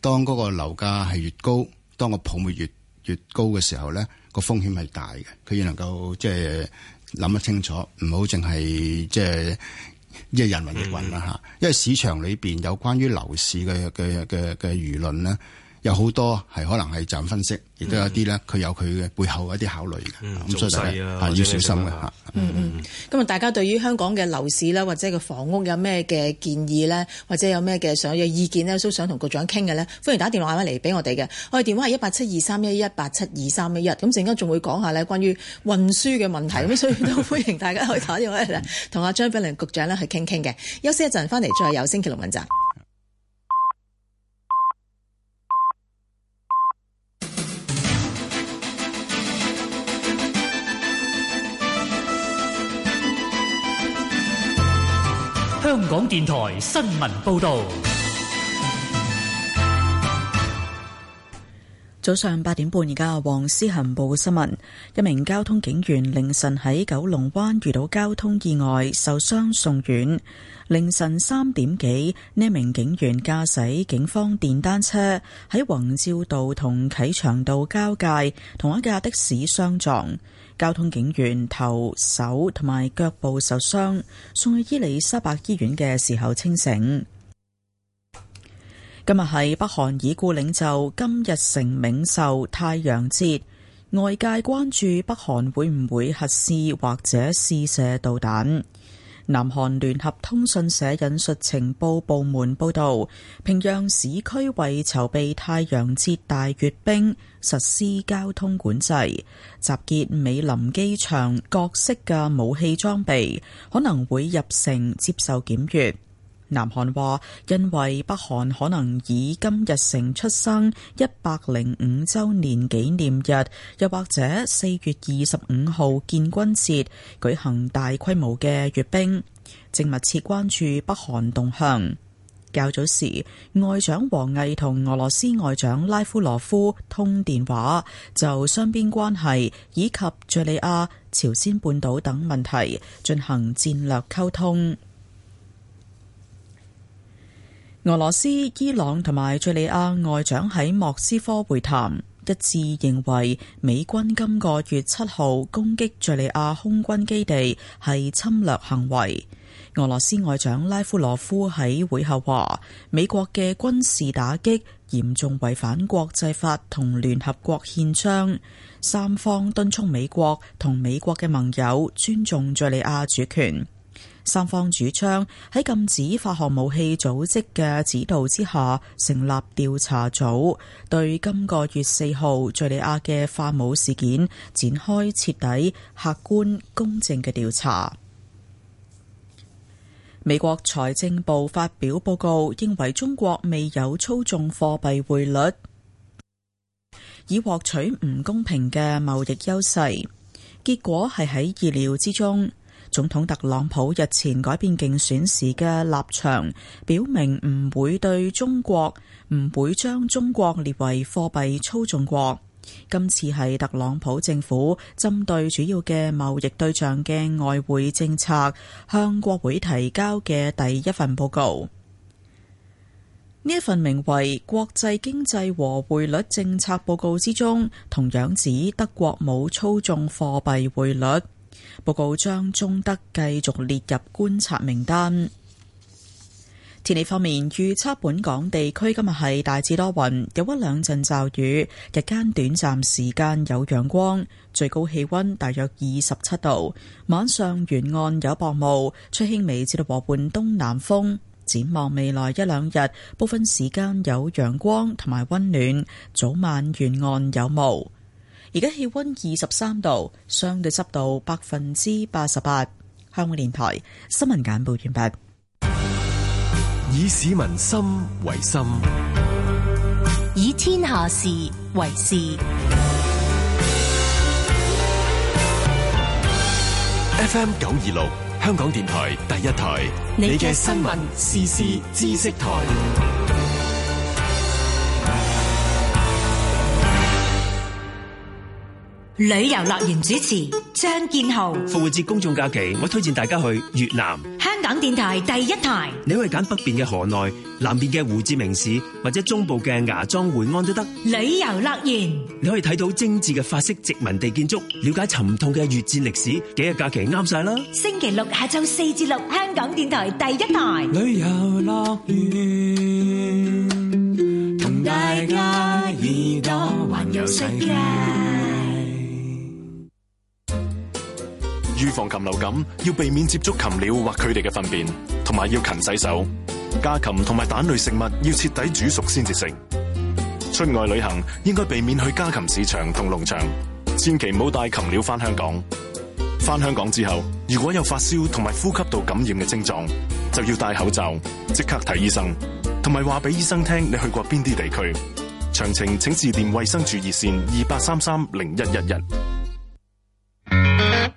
當嗰個樓價係越高，當個泡沫越越高嘅時候咧，個風險係大嘅。佢要能夠即係諗得清楚，唔好淨係即係即係人云亦雲啦嚇。因為市場裏邊有關於樓市嘅嘅嘅嘅輿論咧。有好多係可能係就咁分析，亦都有啲咧，佢有佢嘅背後一啲考慮嘅，咁、嗯嗯、所以大家要小心嘅嚇。嗯、啊、嗯，咁、嗯、啊、嗯，大家對於香港嘅樓市啦，或者個房屋有咩嘅建議咧，或者有咩嘅想嘅意見咧，都想同局長傾嘅咧，歡迎打電話嚟俾我哋嘅，我哋電話係一八七二三一一八七二三一一。咁陣間仲會講下咧，關於運輸嘅問題，咁所以都歡迎大家去打電話嚟同阿張炳良局長咧去傾傾嘅。休息一陣，翻嚟再有星期六問責。港電台新聞報道：早上八點半，而家黃思恒報嘅新聞，一名交通警員凌晨喺九龍灣遇到交通意外，受傷送院。凌晨三點幾，呢名警員駕駛警方電單車，喺宏照道同啟祥道交界，同一架的士相撞。交通警員頭、手同埋腳部受傷，送去伊麗莎白醫院嘅時候清醒。今日係北韓已故領袖金日成冥壽太陽節，外界關注北韓會唔會核試或者試射導彈。南韓聯合通訊社引述情報部門報道，平壤市區為籌備太陽節大閱兵，實施交通管制，集結美林機場各式嘅武器裝備，可能會入城接受檢閱。南韓話，因為北韓可能以金日成出生一百零五周年紀念日，又或者四月二十五號建軍節舉行大規模嘅閱兵，正密切關注北韓動向。較早時，外長王毅同俄羅斯外長拉夫羅夫通電話，就雙邊關係以及敘利亞、朝鮮半島等問題進行戰略溝通。俄羅斯、伊朗同埋叙利亞外長喺莫斯科會談，一致認為美軍今個月七號攻擊叙利亞空軍基地係侵略行為。俄羅斯外長拉夫羅夫喺會後話：美國嘅軍事打擊嚴重違反國際法同聯合國憲章，三方敦促美國同美國嘅盟友尊重叙利亞主權。三方主張喺禁止化學武器組織嘅指導之下成立調查組，對今個月四號敍利亞嘅化武事件展開徹底、客觀、公正嘅調查。美國財政部發表報告，認為中國未有操縱貨幣匯率，以獲取唔公平嘅貿易優勢，結果係喺意料之中。總統特朗普日前改變競選時嘅立場，表明唔會對中國，唔會將中國列為貨幣操縱國。今次係特朗普政府針對主要嘅貿易對象嘅外匯政策向國會提交嘅第一份報告。呢一份名為《國際經濟和匯率政策報告》之中，同樣指德國冇操縱貨幣匯率。報告將中德繼續列入觀察名單。天氣方面，預測本港地區今日係大致多雲，有一兩陣驟雨，日間短暫時間有陽光，最高氣温大約二十七度。晚上沿岸有薄霧，吹輕微至到和緩東南風。展望未來一兩日，部分時間有陽光同埋温暖，早晚沿岸有霧。而家氣溫二十三度，相對濕度百分之八十八。香港電台新聞簡報完畢。以市民心為心，以天下事為事。FM 九二六，香港電台第一台，你嘅新聞、時事、知識台。旅遊樂園主持張建豪，復活節公眾假期，我推薦大家去越南。香港電台第一台，你可以揀北邊嘅河內、南邊嘅胡志明市或者中部嘅芽莊、會安都得。旅遊樂園，你可以睇到精致嘅法式殖民地建築，了解沉痛嘅越戰歷史。幾日假期啱晒啦！星期六下晝四至六，香港電台第一台。旅遊樂園，同大家耳朵環遊世界。預防禽流感，要避免接觸禽鳥或佢哋嘅糞便，同埋要勤洗手。家禽同埋蛋類食物要徹底煮熟先至食。出外旅行應該避免去家禽市場同農場，千祈唔好帶禽鳥返香港。返香港之後，如果有發燒同埋呼吸道感染嘅症狀，就要戴口罩，即刻睇醫生，同埋話俾醫生聽你去過邊啲地區。詳情請致電衛生署熱線二八三三零一一一。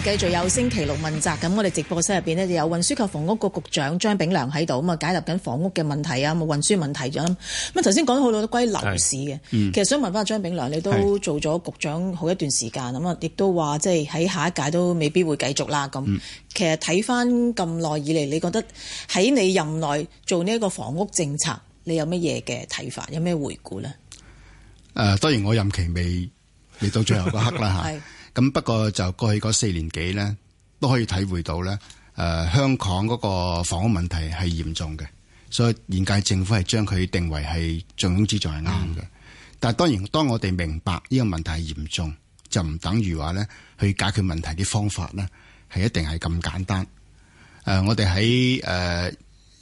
繼續有星期六問責咁，我哋直播室入邊呢，就有運輸及房屋局局長張炳良喺度，咁啊解答緊房屋嘅問題啊，咁啊運輸問題咁。咁頭先講咗好多都關於樓市嘅、嗯，其實想問翻阿張炳良，你都做咗局長好一段時間，咁啊，亦都話即係喺下一屆都未必會繼續啦。咁、嗯，其實睇翻咁耐以嚟，你覺得喺你任內做呢一個房屋政策，你有乜嘢嘅睇法？有咩回顧呢？誒、呃，當然我任期未未到最後個刻啦吓。 咁不過就過去嗰四年幾呢，都可以體會到呢。誒、呃、香港嗰個房屋問題係嚴重嘅，所以現屆政府係將佢定為係重中之重係啱嘅。嗯、但係當然，當我哋明白呢個問題係嚴重，就唔等於話呢去解決問題啲方法呢，係一定係咁簡單。誒、呃，我哋喺誒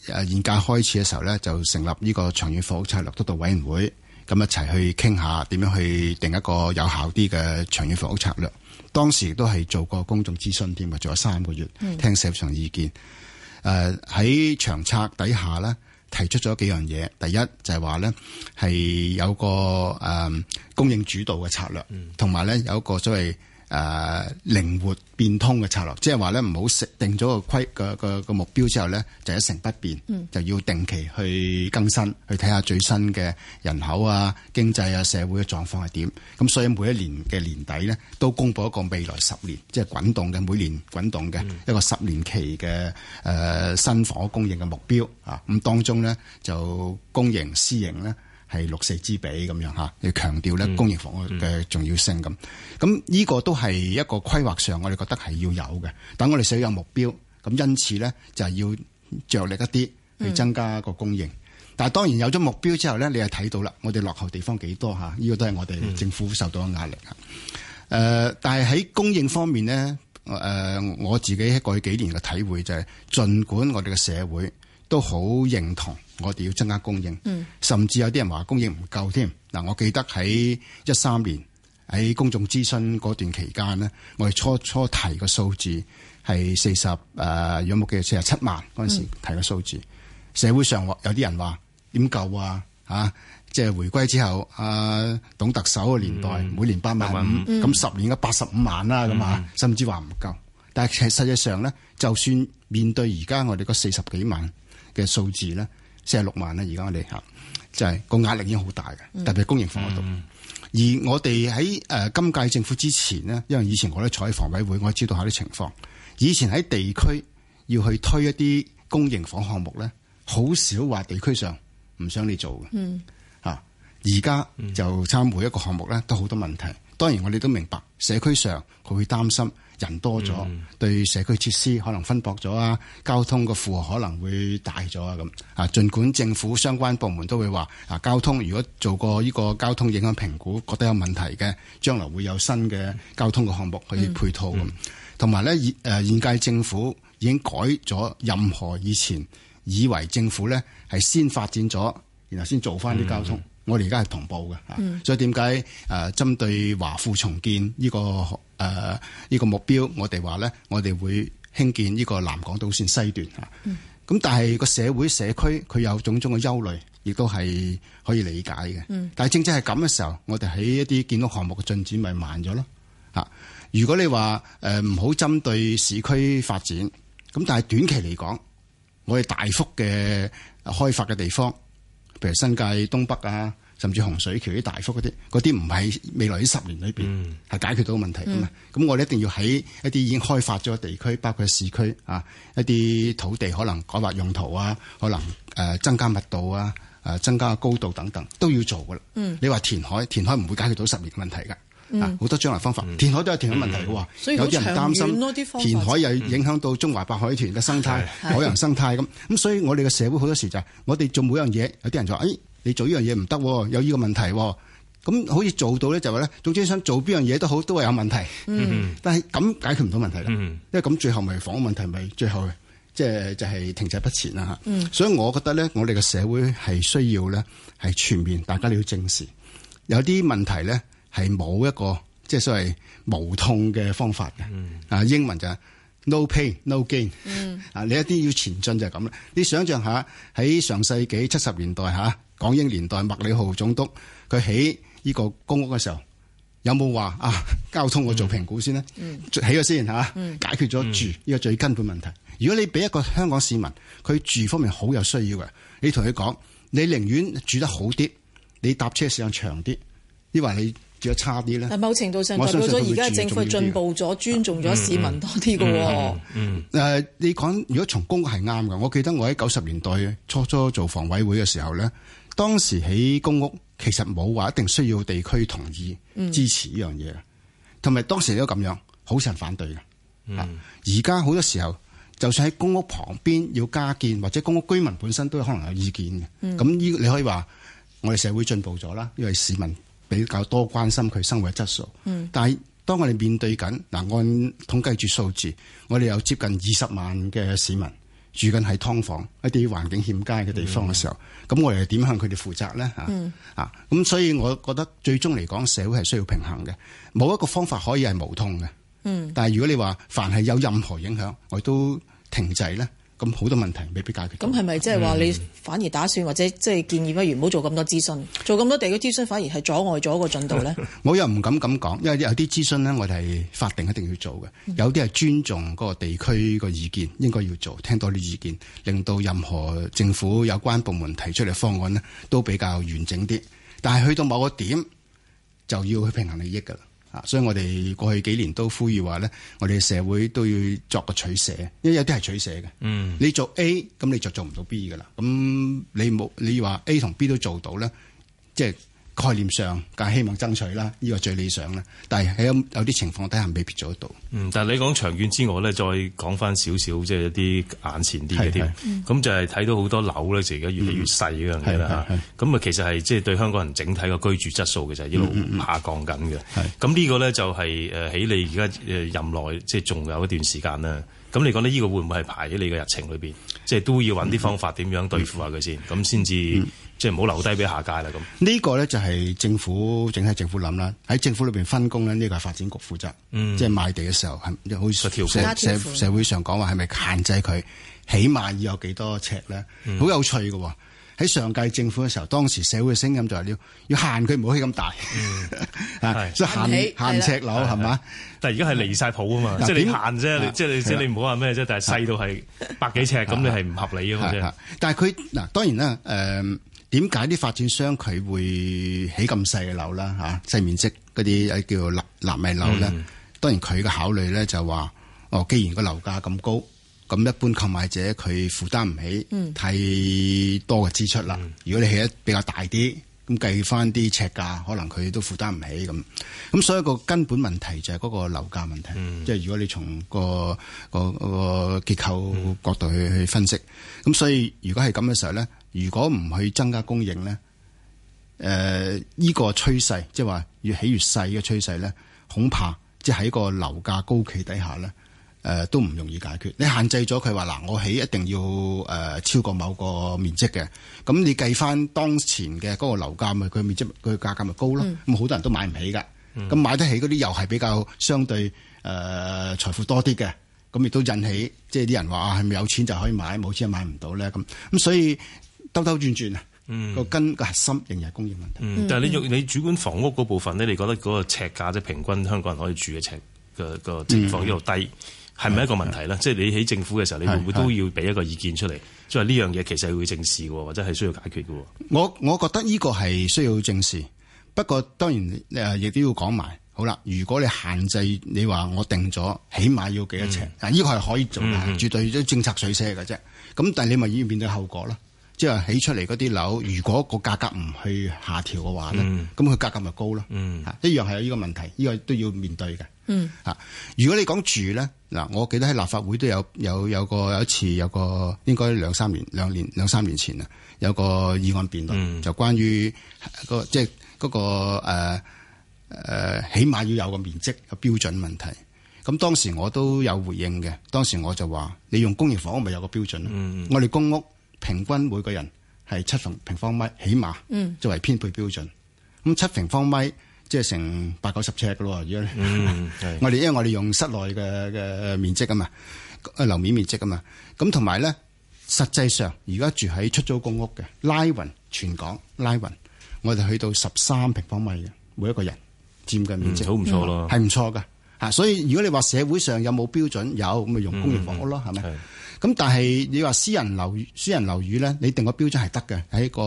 誒現屆開始嘅時候呢，就成立呢個長遠房屋策略督導委員會，咁一齊去傾下點樣去定一個有效啲嘅長遠房屋策略。當時亦都係做過公眾諮詢添，做咗三個月，聽市場意見。誒喺長策底下咧，提出咗幾樣嘢。第一就係話咧，係有個誒、嗯、供應主導嘅策略，同埋咧有一個所謂誒、呃、靈活變通嘅策略，即係話咧唔好食定咗個規個目標之後咧就一成不變，就要定期去更新，去睇下最新嘅人口啊、經濟啊、社會嘅狀況係點。咁所以每一年嘅年底咧都公布一個未來十年即係滾動嘅每年滾動嘅一個十年期嘅、呃、新伙供應嘅目標啊。咁當中咧就公營私營咧。係六四之比咁樣吓，要強調咧供應房屋嘅重要性咁。咁、嗯、呢、嗯這個都係一個規劃上，我哋覺得係要有嘅。但我哋需要有目標，咁因此咧就係要着力一啲去增加個供應。嗯、但係當然有咗目標之後咧，你係睇到啦，我哋落後地方幾多嚇？依、這個都係我哋政府受到嘅壓力啊。誒、嗯呃，但係喺供應方面呢，誒、呃、我自己喺過去幾年嘅體會就係、是，儘管我哋嘅社會。都好認同，我哋要增加供應，嗯、甚至有啲人話供應唔夠添。嗱，我記得喺一三年喺公眾諮詢嗰段期間咧，我哋初初提個數字係四十誒，有冇記住四十七萬嗰陣時提個數字、嗯？社會上有啲人話點夠啊？即係回歸之後，阿、啊、董特首個年代、嗯、每年八萬五、嗯，咁、嗯、十年嘅八十五萬啦，咁、嗯、啊，甚至話唔夠。但係其實實際上咧，就算面對而家我哋個四十幾萬。嘅數字咧，四十六萬咧，而家我哋嚇就係、是、個壓力已經好大嘅，特別係公營房嗰度、嗯。而我哋喺誒今屆政府之前呢，因為以前我都坐喺房委會，我都知道下啲情況。以前喺地區要去推一啲公營房項目咧，好少話地區上唔想你做嘅。而、嗯、家、啊、就參每一個項目咧，都好多問題。當然我哋都明白社區上佢會擔心。人多咗，對社區設施可能分薄咗啊，交通嘅負荷可能會大咗啊，咁啊。盡管政府相關部門都會話啊，交通如果做過呢個交通影響評估，覺得有問題嘅，將來會有新嘅交通嘅項目，可以配套咁。同埋咧，誒、嗯、現屆政府已經改咗任何以前以為政府咧係先發展咗，然後先做翻啲交通。嗯我哋而家係同步嘅，嗯、所以點解誒針對華富重建呢、呢個誒呢、呃呢個目標，我哋話咧，我哋會興建呢個南港島線西段嚇。咁、嗯、但係個社會社區佢有種種嘅憂慮，亦都係可以理解嘅。嗯、但係正正係咁嘅時候，我哋喺一啲建築項目嘅進展咪慢咗咯嚇。如果你話誒唔好針對市區發展，咁但係短期嚟講，我哋大幅嘅開發嘅地方。譬如新界東北啊，甚至洪水橋啲大幅嗰啲，嗰啲唔係未來呢十年裏邊係解決到問題嘅嘛。咁、嗯、我哋一定要喺一啲已經開發咗嘅地區，包括市區啊，一啲土地可能改劃用途啊，可能誒、呃、增加密度啊，誒、呃、增加高度等等，都要做嘅啦。嗯、你話填海，填海唔會解決到十年嘅問題㗎。好、嗯、多將來方法，填、嗯、海都有填海問題嘅喎、嗯，有啲人擔心填海又影響到中華白海豚嘅生態、嗯、海洋生態咁，咁 所以我哋嘅社會好多時就係我哋做每樣嘢，有啲人就話，誒、哎，你做呢樣嘢唔得，有呢個問題。咁好似做到咧，就話咧，總之想做邊樣嘢都好，都係有問題。嗯、但係咁解決唔到問題啦、嗯。因為咁最後咪房屋問題咪、就是、最後即係就係停滯不前啦嚇、嗯。所以我覺得咧，我哋嘅社會係需要咧係全面，大家都要正視有啲問題咧。係冇一個即係所謂無痛嘅方法嘅，啊、mm. 英文就係 no pain no gain，啊、mm. 你一定要前進就係咁啦。你想象下喺上世紀七十年代嚇，港英年代麥理浩總督佢起呢個公屋嘅時候，有冇話啊，交通我做評估先呢？起咗先嚇，解決咗住呢、呢個最根本問題。如果你俾一個香港市民，佢住方面好有需要嘅，你同佢講，你寧願住得好啲，你搭車時間長啲，抑或你？仲差啲咧，但某程度上代表咗而家政府進步咗，尊重咗市民多啲嘅。嗯，誒、嗯嗯嗯哦，你講如果從公屋係啱嘅，我記得我喺九十年代初初做房委會嘅時候咧，當時喺公屋其實冇話一定需要地區同意、嗯、支持呢樣嘢，同埋當時都咁樣好多人反對嘅。而家好多時候，就算喺公屋旁邊要加建或者公屋居民本身都可能有意見嘅。咁、嗯、呢，你可以話我哋社會進步咗啦，因為市民比較多關心佢生活質素，嗯、但係當我哋面對緊嗱，按統計住數字，我哋有接近二十萬嘅市民住緊喺劏房一啲環境欠佳嘅地方嘅時候，咁、嗯、我哋點向佢哋負責咧吓、嗯？啊，咁所以我覺得最終嚟講，社會係需要平衡嘅，冇一個方法可以係無痛嘅。但係如果你話凡係有任何影響，我都停滯咧。咁好多問題未必解決。咁係咪即係話你反而打算、嗯、或者即係建議不如唔好做咁多諮詢，做咁多地區諮詢反而係阻礙咗個進度呢？我又唔敢咁講，因為有啲諮詢呢，我哋係法定一定要做嘅，有啲係尊重嗰個地區個意見，應該要做，聽多啲意見，令到任何政府有關部門提出嚟方案呢，都比較完整啲。但係去到某個點就要去平衡利益㗎喇。啊！所以我哋過去幾年都呼籲話咧，我哋社會都要作個取捨，因為有啲係取捨嘅。嗯，你做 A，咁你就做唔到 B 嘅啦。咁你冇你話 A 同 B 都做到咧，即係。概念上，梗係希望爭取啦，呢個最理想啦。但係喺有啲情況底下，未必做得到。嗯，但係你講長遠之外咧，再講翻少少即係一啲、就是、眼前啲嘅咁就係、是、睇到好多樓咧，就而家越嚟越細嘅樣嘢啦。咁、嗯、啊，其實係即係對香港人整體嘅居住質素嘅就係、是、一路下降緊嘅。咁、嗯、呢、嗯、個咧就係誒喺你而家任內即係仲有一段時間啦。咁你講呢，呢個會唔會係排喺你嘅日程裏面、嗯？即係都要搵啲方法點樣對付下佢先，咁先至。即係唔好留低俾下屆啦咁。呢個咧就係政府整體政府諗啦，喺政府裏邊分工咧，呢、呢個係發展局負責。嗯。即係賣地嘅時候，係好似社，社，社會上講話係咪限制佢起碼要有幾多尺咧？好、嗯、有趣嘅喎！喺上屆政府嘅時候，當時社會嘅聲音就係要要限佢唔好起咁大。嗯。啊、所以限限尺樓係嘛？但係而家係離晒譜啊嘛。嗱、嗯，你限啫？即係你你唔好話咩啫？但係細到係百幾尺咁，你係唔合理嘅嘛？但係佢嗱，當然啦，誒。點解啲發展商佢會起咁細嘅樓啦？吓、啊，細面積嗰啲誒，叫納納米樓咧。Mm -hmm. 當然佢嘅考慮咧就話，哦，既然個樓價咁高，咁一般購買者佢負擔唔起，太多嘅支出啦。Mm -hmm. 如果你起得比較大啲，咁計翻啲尺價，可能佢都負擔唔起咁。咁所以個根本問題就係嗰個樓價問題。即係。Mm -hmm. 如果你從、個個個結構角度去去分析，咁、Mm -hmm. 所以如果係咁嘅時候咧。如果唔去增加供應咧，誒、呃、呢、這個趨勢，即係話越起越細嘅趨勢咧，恐怕即係喺個樓價高企底下咧，誒、呃、都唔容易解決。你限制咗佢話嗱，我起一定要誒、呃、超過某個面積嘅，咁你計翻當前嘅嗰個樓價咪佢面積佢價格咪高咯，咁、嗯、好多人都買唔起㗎。咁買得起嗰啲又係比較相對誒、呃、財富多啲嘅，咁亦都引起即係啲人話啊，係咪有錢就可以買，冇錢買唔到咧？咁咁所以。兜兜轉轉啊，個、嗯、根個核心仍然係工業問題。嗯、但係你你主管房屋嗰部分咧，你覺得嗰個尺價即係平均香港人可以住嘅尺個個情況一路低，係、嗯、咪一個問題咧？即、嗯、係、嗯就是、你喺政府嘅時候，你會唔會都要俾一個意見出嚟，即係呢樣嘢其實係會正視嘅，或者係需要解決嘅？我我覺得呢個係需要正視，不過當然誒亦都要講埋好啦。如果你限制你話我定咗，起碼要幾多尺？嗱、嗯，呢、這個係可以做嘅、嗯，絕對都政策取捨嘅啫。咁但係你咪已經面對後果啦。即係起出嚟嗰啲樓，如果個價格唔去下調嘅話咧，咁佢價格咪高咯？嗯，一樣係有呢個問題，呢、呢個都要面對嘅。嗯，啊，如果你講住咧，嗱，我記得喺立法會都有有有個有一次有個應該兩三年、兩年兩三年前啦，有個議案辯論、嗯、就關於、嗰個即係嗰個誒誒、呃呃，起碼要有個面積個標準問題。咁當時我都有回應嘅，當時我就話你用公營房屋唔係有個標準，嗯，我哋公屋。平均每個人係七平方米，起碼作為編配標準。咁、嗯、七平方米即係成八九十尺噶咯。如、嗯、果 我哋因為我哋用室內嘅嘅面積啊嘛，誒、呃、樓面面積啊嘛。咁同埋咧，實際上而家住喺出租公屋嘅，拉勻全港拉勻，我哋去到十三平方米嘅，每一個人佔嘅面積，好、嗯、唔錯咯，係、嗯、唔錯噶吓。所以如果你話社會上有冇標準，有咁用公營房屋咯，係、嗯、咪？是咁但係你話私人樓私人樓宇咧，你定個標準係得嘅，喺個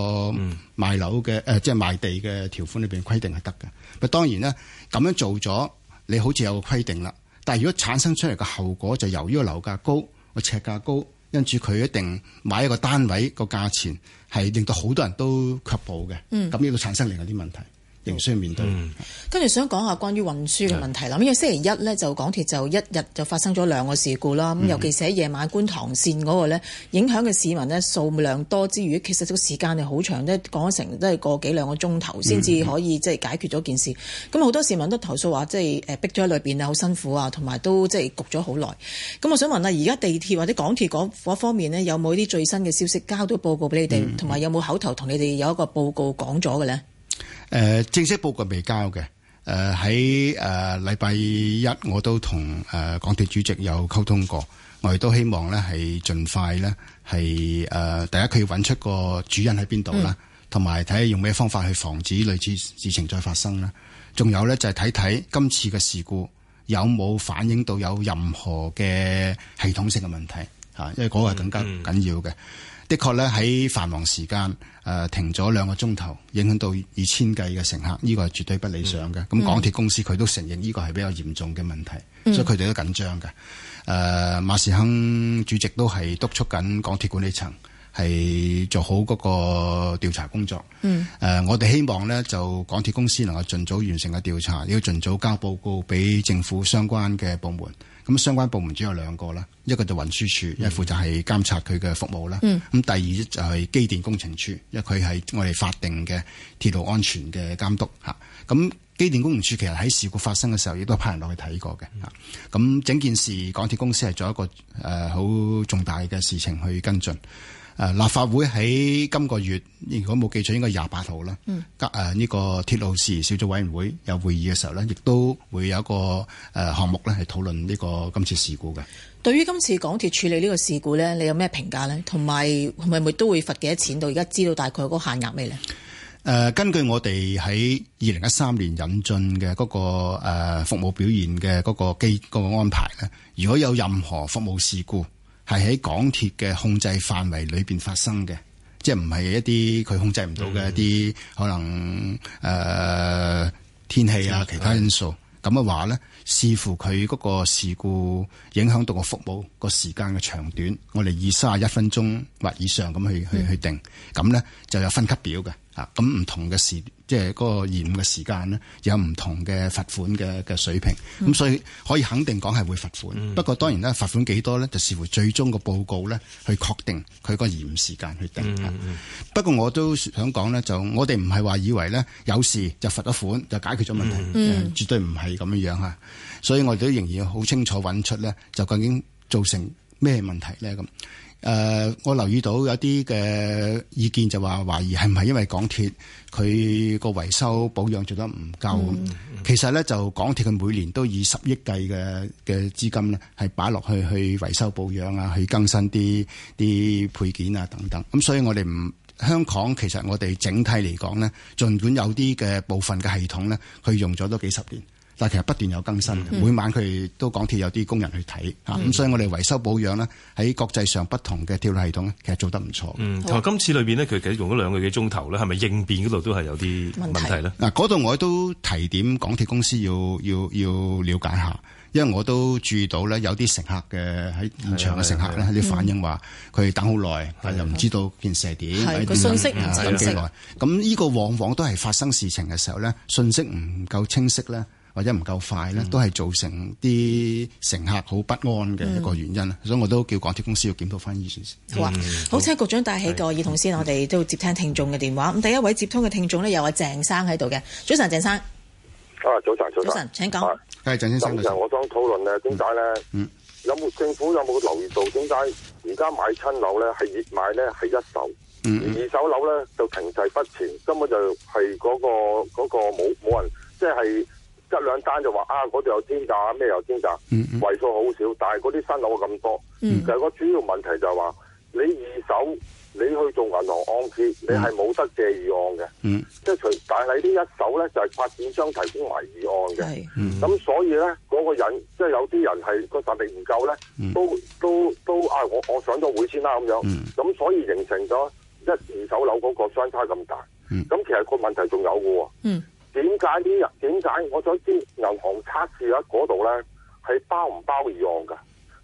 賣樓嘅誒，即係賣地嘅條款裏邊規定係得嘅。咁當然咧，咁樣做咗，你好似有個規定啦。但係如果產生出嚟嘅後果，就由於個樓價高，個尺價高，因住佢一定買一個單位個價錢，係令到好多人都卻步嘅。咁呢個產生另外啲問題。仍需面對、嗯。嗯嗯、跟住想講下關於運輸嘅問題啦，因為星期一呢，就港鐵就一日就發生咗兩個事故啦。咁尤其是喺夜晚觀塘線嗰、那個呢，嗯嗯影響嘅市民呢，數量多之餘，其實個時間係好長，呢講講成都係個幾兩個鐘頭先至可以即係解決咗件事。咁、嗯、好、嗯嗯、多市民都投訴話，即係誒逼咗喺裏邊啊，好辛苦啊，同埋都即係焗咗好耐。咁我想問啊，而家地鐵或者港鐵嗰方面呢，有冇啲最新嘅消息交到報告俾你哋，同、嗯、埋、嗯、有冇口頭同你哋有一個報告講咗嘅呢？誒、呃，正式報告未交嘅。誒、呃，喺誒、呃、禮拜一我都同誒、呃、港鐵主席有溝通過，我亦都希望咧係盡快咧係誒，第一佢要搵出個主因喺邊度啦，同埋睇下用咩方法去防止類似事情再發生啦。仲有咧就係睇睇今次嘅事故有冇反映到有任何嘅系統性嘅問題、嗯、因為嗰個係更加緊要嘅。嗯。的確咧喺繁忙時間誒、呃、停咗兩個鐘頭，影響到二千計嘅乘客，呢個係絕對不理想嘅。咁、嗯、港鐵公司佢都承認呢個係比較嚴重嘅問題，嗯、所以佢哋都緊張嘅。誒、呃，馬時亨主席都係督促緊港鐵管理層係做好嗰個調查工作。誒、嗯呃，我哋希望呢，就港鐵公司能夠盡早完成嘅調查，要盡早交報告俾政府相關嘅部門。咁相關部門主要有兩個啦，一個就運輸處，一副負責係監察佢嘅服務啦。咁第二就係機電工程處，因為佢係我哋法定嘅鐵路安全嘅監督吓。咁機電工程處其實喺事故發生嘅時候，亦都派人落去睇過嘅。咁整件事港鐵公司係做一個誒好重大嘅事情去跟進。誒立法會喺今個月，如果冇記錯，應該廿八號啦。嗯，誒、啊、呢、這個鐵路事小組委員會有會議嘅時候呢，亦都會有一個誒項目咧，係討論呢、這個今次事故嘅。對於今次港鐵處理呢個事故咧，你有咩評價呢？同埋，係咪會都會罰幾多錢？到而家知道大概嗰個限額未呢？誒、啊，根據我哋喺二零一三年引進嘅嗰個服務表現嘅嗰個機、那個、安排咧，如果有任何服務事故，係喺港鐵嘅控制範圍裏邊發生嘅。即係唔係一啲佢控制唔到嘅一啲可能誒、呃、天氣啊，其他因素咁嘅、嗯、話咧，視乎佢嗰個事故影響到個服務個時間嘅長短，我哋以三十一分鐘或以上咁去去、嗯、去定，咁咧就有分級表嘅嚇，咁唔同嘅事。即係個延誤嘅時間呢有唔同嘅罰款嘅嘅水平，咁、嗯、所以可以肯定講係會罰款、嗯。不過當然啦，罰款幾多呢？就視乎最終個報告呢去確定佢個延誤時間去定。嗯嗯、不過我都想講呢，就我哋唔係話以為呢有事就罰咗款就解決咗問題，嗯、絕對唔係咁樣樣吓。所以我哋都仍然好清楚揾出呢，就究竟造成咩問題呢？咁。誒、呃，我留意到有啲嘅意見就話懷疑係唔係因為港鐵佢個維修保養做得唔夠。其實咧，就港鐵佢每年都以十億計嘅嘅資金咧，係擺落去去維修保養啊，去更新啲啲配件啊等等。咁所以我哋唔，香港其實我哋整體嚟講咧，儘管有啲嘅部分嘅系統咧，佢用咗都幾十年。但係其實不斷有更新嘅，每晚佢都港鐵有啲工人去睇吓，咁所以我哋維修保養咧喺國際上不同嘅鐵路系統咧，其實做得唔錯。嗯，同埋今次裏邊咧，佢用咗兩個幾鐘頭咧，係咪應變嗰度都係有啲問題咧？嗱，嗰度我都提點港鐵公司要要要了解下，因為我都注意到咧有啲乘客嘅喺現場嘅乘客咧啲反應話佢等好耐，但係又唔知道件事係點，係個信息唔清晰。咁呢個往往都係發生事情嘅時候咧，信息唔夠清晰咧。或者唔夠快咧，都係造成啲乘客好不安嘅一個原因啦。所以我都叫港鐵公司要檢討翻呢件事。好啊，好，請局長帶起個耳筒先，我哋都要接聽聽眾嘅電話。咁第一位接通嘅聽眾咧，又阿鄭生喺度嘅。早晨，鄭生。啊，早晨，早晨。請講。係鄭先生。咁其實我想討論咧，點解咧？嗯，有冇政府有冇留意到點解而家買親樓咧係熱賣咧係一手，嗯，二手樓咧就停滯不前，根本就係嗰個嗰個冇冇人，即係。一兩單就話啊，嗰度有天價，咩有天價，嗯嗯，位數好少，但係嗰啲新樓咁多，其、嗯、係、就是、個主要問題就係話你二手你去做銀行按揭，你係冇得借二按嘅，即、嗯、係、就是、除，但係呢一手咧就係發展商提供埋二按嘅，咁、嗯、所以咧嗰、那個人即係、就是、有啲人係個實力唔夠咧，都都都啊、哎、我我上咗會先啦咁樣，咁、嗯、所以形成咗一二手樓嗰個相差咁大，咁、嗯、其實個問題仲有嘅、哦。嗯點解呢日點解我想知銀行測試喺嗰度咧係包唔包預案噶？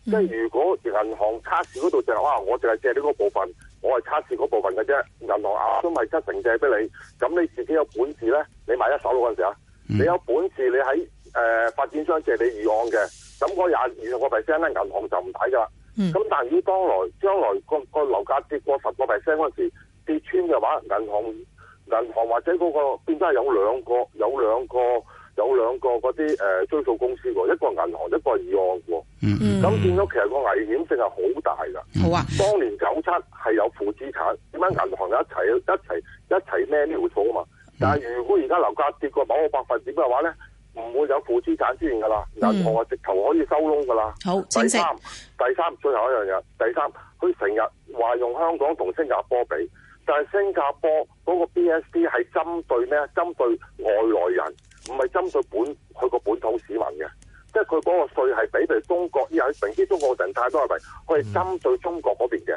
即、mm. 係如果銀行測試嗰度就係、是、能我淨係借呢個部分，我係測試嗰部分嘅啫。銀行呀都係七成借俾你，咁你自己有本事咧，你買一手樓嗰陣時啊，mm. 你有本事你喺誒、呃、發展商借你預案嘅，咁嗰廿二十個 percent 咧，銀行就唔睇噶啦。咁、mm. 但係如果當來將來個個樓價跌過十個 percent 嗰陣時跌穿嘅話，銀行。銀行或者嗰、那個變翻有兩個，有兩個，有兩個嗰啲誒追數公司的，一個係銀行，一個係二按嘅。咁變咗其實個危險性係好大噶。好啊，當年九七係有負資產，點解銀行一齊一齊一齊孭呢條數啊嘛？但係如果而家樓價跌過某個百分點嘅話咧，唔會有負資產出現噶啦，銀、mm -hmm. 行啊直頭可以收窿噶啦。好、mm -hmm.，正第三，最後一樣嘢，第三，佢成日話用香港同新加坡比。但係新加坡嗰個 B S D 係針對咩？針對外來人，唔係針對本佢個本土市民嘅，即係佢嗰個稅係俾對中國人，因為明知中國人太多咪，佢係針對中國嗰邊嘅。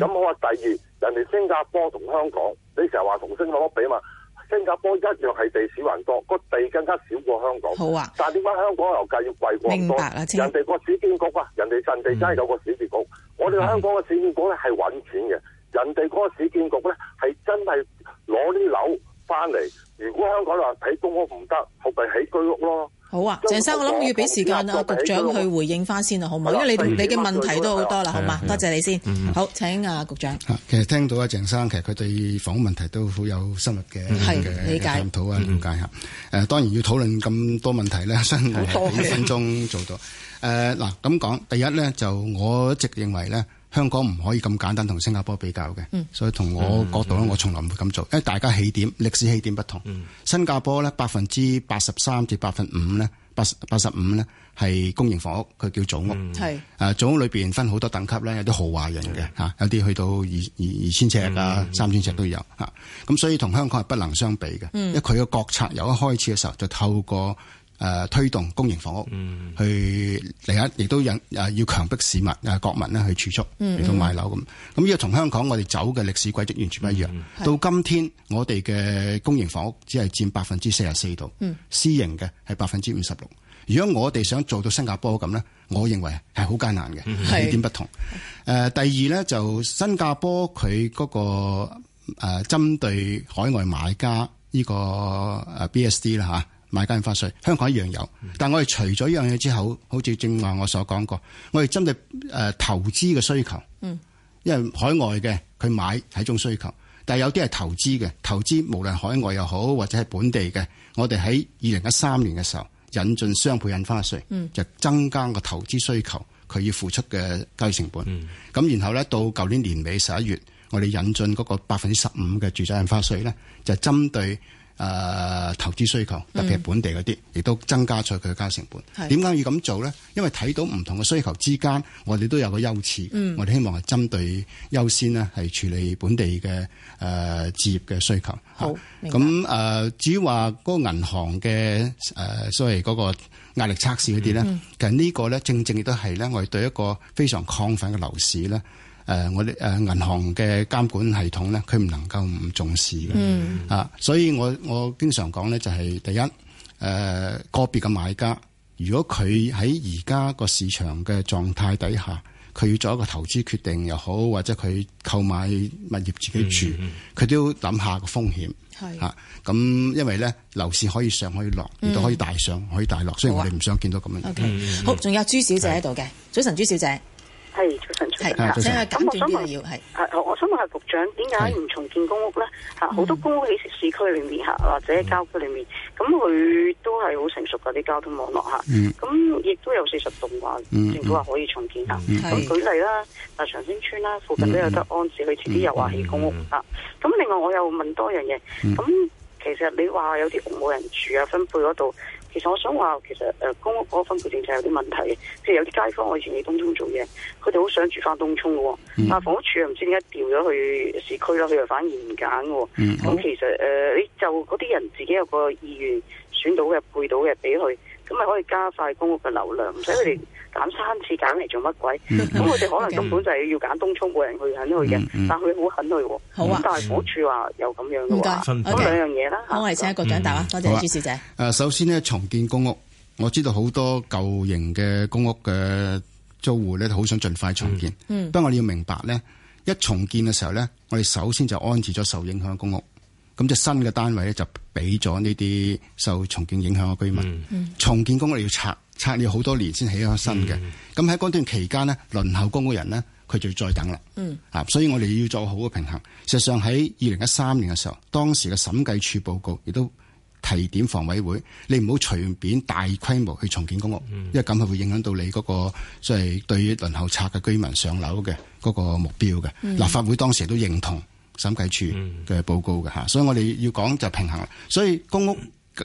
咁、嗯、我話第二，人哋新加坡同香港，你成日話同新加坡比嘛？新加坡一樣係地少人多，個地更加少過香港。好啊，但係點解香港樓價要貴過？明白人哋個市建局啊，人哋陣地真係有個市建局。嗯、建局建局，嗯、我哋香港嘅市建局咧係揾錢嘅。人哋嗰個市建局咧，係真係攞啲樓翻嚟。如果香港人話睇公屋唔得，後咪起居屋咯。好啊，鄭生，我諗我要俾時間啊，局長去回應翻先啊，好唔好？因為你、嗯、你嘅問題都好多啦，嗯，好嘛？多謝你先。嗯、好，請啊局長。其實聽到啊，鄭生，其實佢對房屋問題都好有深入嘅嘅，嗯、探討啊，了解下。誒，當然要討論咁多問題咧，相，嗯、對幾分鐘做到。誒，嗯，嗱咁講，第一咧就我一直認為咧。香港唔可以咁簡單同新加坡比較嘅，嗯、所以同我角度咧，嗯嗯、我從來唔會咁做，因為大家起點歷史起點不同。嗯、新加坡咧，百分之八十三至百分五咧，八八十五咧係公營房屋，佢叫組屋。係、嗯、啊，組屋裏邊分好多等級咧，有啲豪華型嘅嚇，有啲去到二二二千尺啊，三千尺都有嚇。咁、啊、所以同、嗯嗯、香港係不能相比嘅，因為佢嘅國策由一開始嘅時候就透過，誒、呃、推動公營房屋去嚟啊、嗯！亦都引誒、啊、要強迫市民誒、啊、國民呢去儲蓄嚟到買樓咁，咁呢個同香港我哋走嘅歷史軌跡完全唔一樣。到今天我哋嘅公營房屋只係佔百分之四十四度，私營嘅係百分之五十六。如果我哋想做到新加坡咁咧，我認為係好艱難嘅。呢、嗯、點不同？誒、呃，第二咧就新加坡佢嗰、那個誒、呃、針對海外買家呢個 BSD 啦、啊買家印花稅，香港一樣有，但係我哋除咗依樣嘢之後，好似正話我所講過，我哋針對、呃、投資嘅需求，因為海外嘅佢買係一種需求，但係有啲係投資嘅投資，無論海外又好或者係本地嘅，我哋喺二零一三年嘅時候引進雙倍印花稅、嗯，就增加個投資需求佢要付出嘅交易成本。咁、嗯嗯、然後咧到舊年年尾十一月，我哋引進嗰個百分之十五嘅住宅印花稅咧，就針對。誒、呃、投資需求特別係本地嗰啲、嗯，亦都增加咗佢嘅加成本。點解要咁做咧？因為睇到唔同嘅需求之間，我哋都有一個優次、嗯。我哋希望係針對優先呢係處理本地嘅誒、呃、置業嘅需求。好，咁誒、啊呃，至於話嗰個銀行嘅誒、呃，所謂嗰個壓力測試嗰啲咧，其實這個呢個咧正正亦都係咧，我哋對一個非常亢奮嘅樓市咧。誒、呃，我哋誒、呃、銀行嘅監管系統咧，佢唔能夠唔重視嘅、嗯。啊，所以我我經常講咧，就係、是、第一誒、呃、個別嘅買家，如果佢喺而家個市場嘅狀態底下，佢要做一個投資決定又好，或者佢購買物業自己住，佢、嗯嗯、都要諗下個風險。咁、啊、因為咧樓市可以上可以落，亦、嗯、都可以大上可以大落、嗯，所以我哋唔想見到咁樣、啊。O、okay、K，、嗯、好，仲有朱小姐喺度嘅，早晨，朱小姐，係，咁我想問，係，我想問下局長，點解唔重建公屋咧？吓，好多公屋喺市區裏面吓，或者喺郊區裏面，咁佢都係好成熟噶啲交通網絡吓，咁亦都、嗯、都有四十棟話政府話可以重建啊。咁、嗯、舉例啦，啊長青村啦，附近都有得安置，佢前啲又話起公屋啊。咁、嗯嗯、另外我又問多樣嘢，咁、嗯、其實你話有啲屋冇人住啊，分配嗰度。其實我想話，其實誒、呃、公屋嗰個分配政策有啲問題，即係有啲街坊我以前喺東涌做嘢，佢哋好想住翻東涌喎、哦。Mm -hmm. 但係房屋署又唔知點解調咗去市區啦，佢又反而唔揀喎。咁、mm -hmm. 嗯嗯嗯嗯、其實誒，你、呃、就嗰啲人自己有個意願，選到嘅配到嘅俾佢，咁咪可以加快公屋嘅流量，唔使佢哋。揀三次揀嚟做乜鬼？咁我哋可能根本就係要揀東涌冇人去肯去嘅，但佢好肯去。好啊。咁但係唔好處話有咁樣嘅話，好兩樣嘢啦。好，我係請局長答啊，多謝朱小姐。誒，首先咧，重建公屋，我知道好多舊型嘅公屋嘅租戶咧，好想盡快重建。嗯。不過我哋要明白咧，一重建嘅時候咧，我哋首先就安置咗受影響嘅公屋，咁只新嘅單位咧就俾咗呢啲受重建影響嘅居民。嗯。重建公屋要拆。拆了好多年先起咗新嘅，咁喺嗰段期間呢，輪候公屋人呢，佢就要再等啦。嗯，啊，所以我哋要做好嘅平衡。事實上喺二零一三年嘅時候，當時嘅審計處報告亦都提點房委會，你唔好隨便大規模去重建公屋，因為咁係會影響到你嗰個即係對於輪候拆嘅居民上樓嘅嗰個目標嘅、嗯。立法會當時都認同審計處嘅報告嘅，吓，所以我哋要講就平衡。所以公屋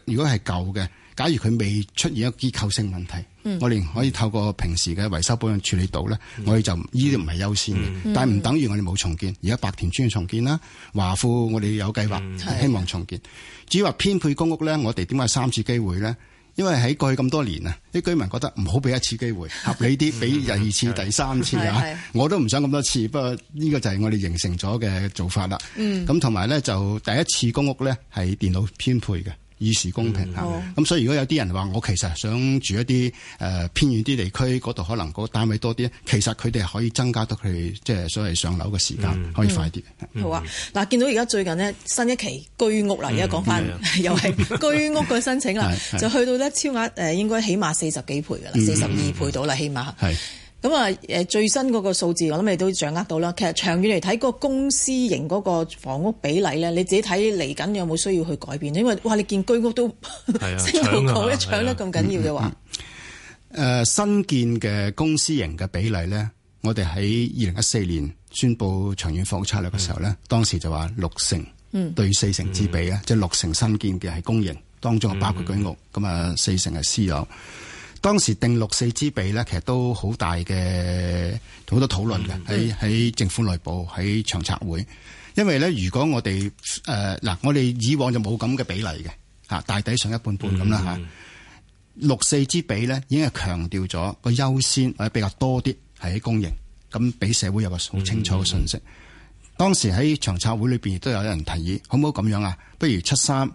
如果係舊嘅。假如佢未出現一個機構性問題，嗯、我哋可以透過平時嘅維修保養處理到咧、嗯，我哋就依啲唔係優先嘅、嗯。但唔等於我哋冇重建，而家白田村要重建啦，華富我哋有計劃、嗯，希望重建。至於話編配公屋咧，我哋點解三次機會咧？因為喺過去咁多年啊，啲居民覺得唔好俾一次機會，合理啲俾第二次、 第三次啊。我都唔想咁多次，不過呢個就係我哋形成咗嘅做法啦。咁同埋咧，就第一次公屋咧係電腦編配嘅。以示公平咁、嗯嗯嗯、所以如果有啲人話我其實想住一啲誒、呃、偏遠啲地區嗰度，可能個單位多啲，其實佢哋可以增加到佢哋即係所謂上樓嘅時間、嗯，可以快啲、嗯嗯。好啊，嗱，見到而家最近呢，新一期居屋啦，而家講返又係居屋嘅申請啦， 就去到咧超額誒，應該起碼四十幾倍㗎啦，四十二倍到啦、嗯，起碼。咁啊，誒最新嗰個數字，我諗你都掌握到啦。其實長遠嚟睇，嗰個公私營嗰個房屋比例咧，你自己睇嚟緊有冇需要去改變？因為哇，你見居屋都、啊、升到高一搶咧，咁緊要嘅話，誒、啊嗯嗯嗯啊、新建嘅公私營嘅比例咧，我哋喺二零一四年宣布長遠房屋策略嘅時候咧、嗯，當時就話六成對四成之比啊，即、嗯、係、就是、六成新建嘅係公營，當中包括居屋，咁、嗯、啊、嗯、四成係私有。當時定六四之比咧，其實都好大嘅，好多討論嘅，喺喺政府內部，喺長策會。因為咧，如果我哋誒嗱，我哋以往就冇咁嘅比例嘅嚇，大抵上一半半咁啦嚇。嗯嗯嗯嗯六四之比咧，已經係強調咗個優先或者比較多啲係喺公營，咁俾社會有個好清楚嘅信息。嗯嗯當時喺長策會裏邊亦都有人提議，可唔可以咁樣啊？不如七三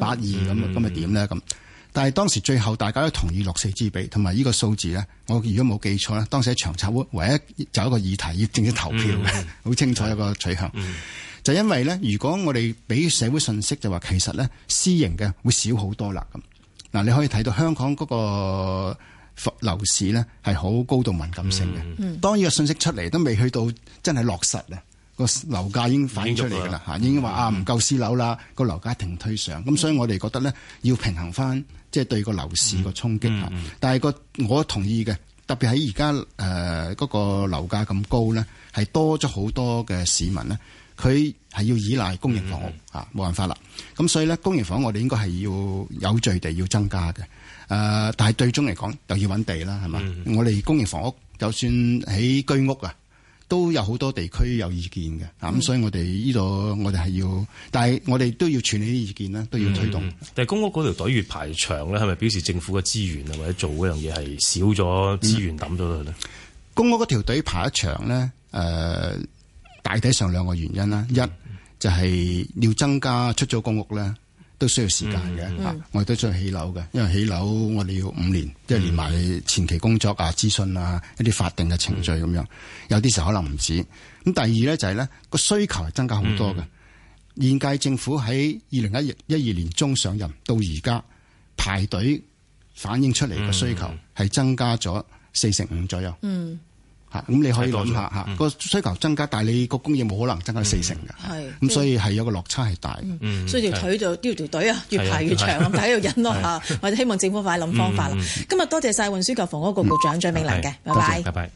八二咁咁咪點咧咁？嗯嗯嗯那但係當時最後大家都同意六四之比同埋呢個數字咧，我如果冇記錯咧，當時喺長策會唯一就一個議題要正式投票嘅，好、嗯、 清楚一個取向。嗯、就因為咧，如果我哋俾社會信息就話其實咧，私營嘅會少好多啦咁。嗱、啊，你可以睇到香港嗰個樓市咧係好高度敏感性嘅、嗯。當呢個信息出嚟都未去到真係落實啊，個樓價已經反映出嚟噶啦嚇已經話、嗯、啊唔夠私樓啦，個樓價停推上。咁、嗯、所以我哋覺得咧要平衡翻。即係對個樓市個衝擊，嗯嗯，但係個我同意嘅，特別喺而家誒嗰個樓價咁高咧，係多咗好多嘅市民咧，佢係要依賴公營房屋嚇，冇、嗯嗯、辦法啦。咁所以咧，公營房屋我哋應該係要有序地要增加嘅。誒，但係最終嚟講，又要揾地啦，係嘛、嗯嗯？我哋公營房屋就算喺居屋啊。都有好多地區有意見嘅，啊咁、嗯、所以我哋呢度我哋係要，但係我哋都要處理啲意見啦，都要推動。嗯、但係公屋嗰條隊越排長咧，係咪表示政府嘅資源啊，或者做嗰樣嘢係少咗資源揼咗佢咧？公屋嗰條隊排得長咧，誒、呃、大體上兩個原因啦，嗯嗯嗯、一就係、是、要增加出咗公屋咧。都需要時間嘅、嗯啊嗯，我哋都需要起樓嘅，因為起樓我哋要五年，即、嗯、係連埋前期工作啊、諮詢啊、一啲法定嘅程序咁樣，嗯、有啲時候可能唔止。咁第二咧就係咧個需求係增加好多嘅、嗯，現屆政府喺二零一一、二年中上任到而家排隊反映出嚟嘅需求係增加咗四成五左右。嗯嗯咁你可以諗下嚇，個需求增加，但係你個供應冇可能增加四成嘅，咁所以係有個落差係大，所以條腿就丟條隊啊，越排越長咁喺度忍咯嚇，我哋希望政府快諗方法啦。今日多謝晒運輸及房屋局局長張炳良嘅，拜拜。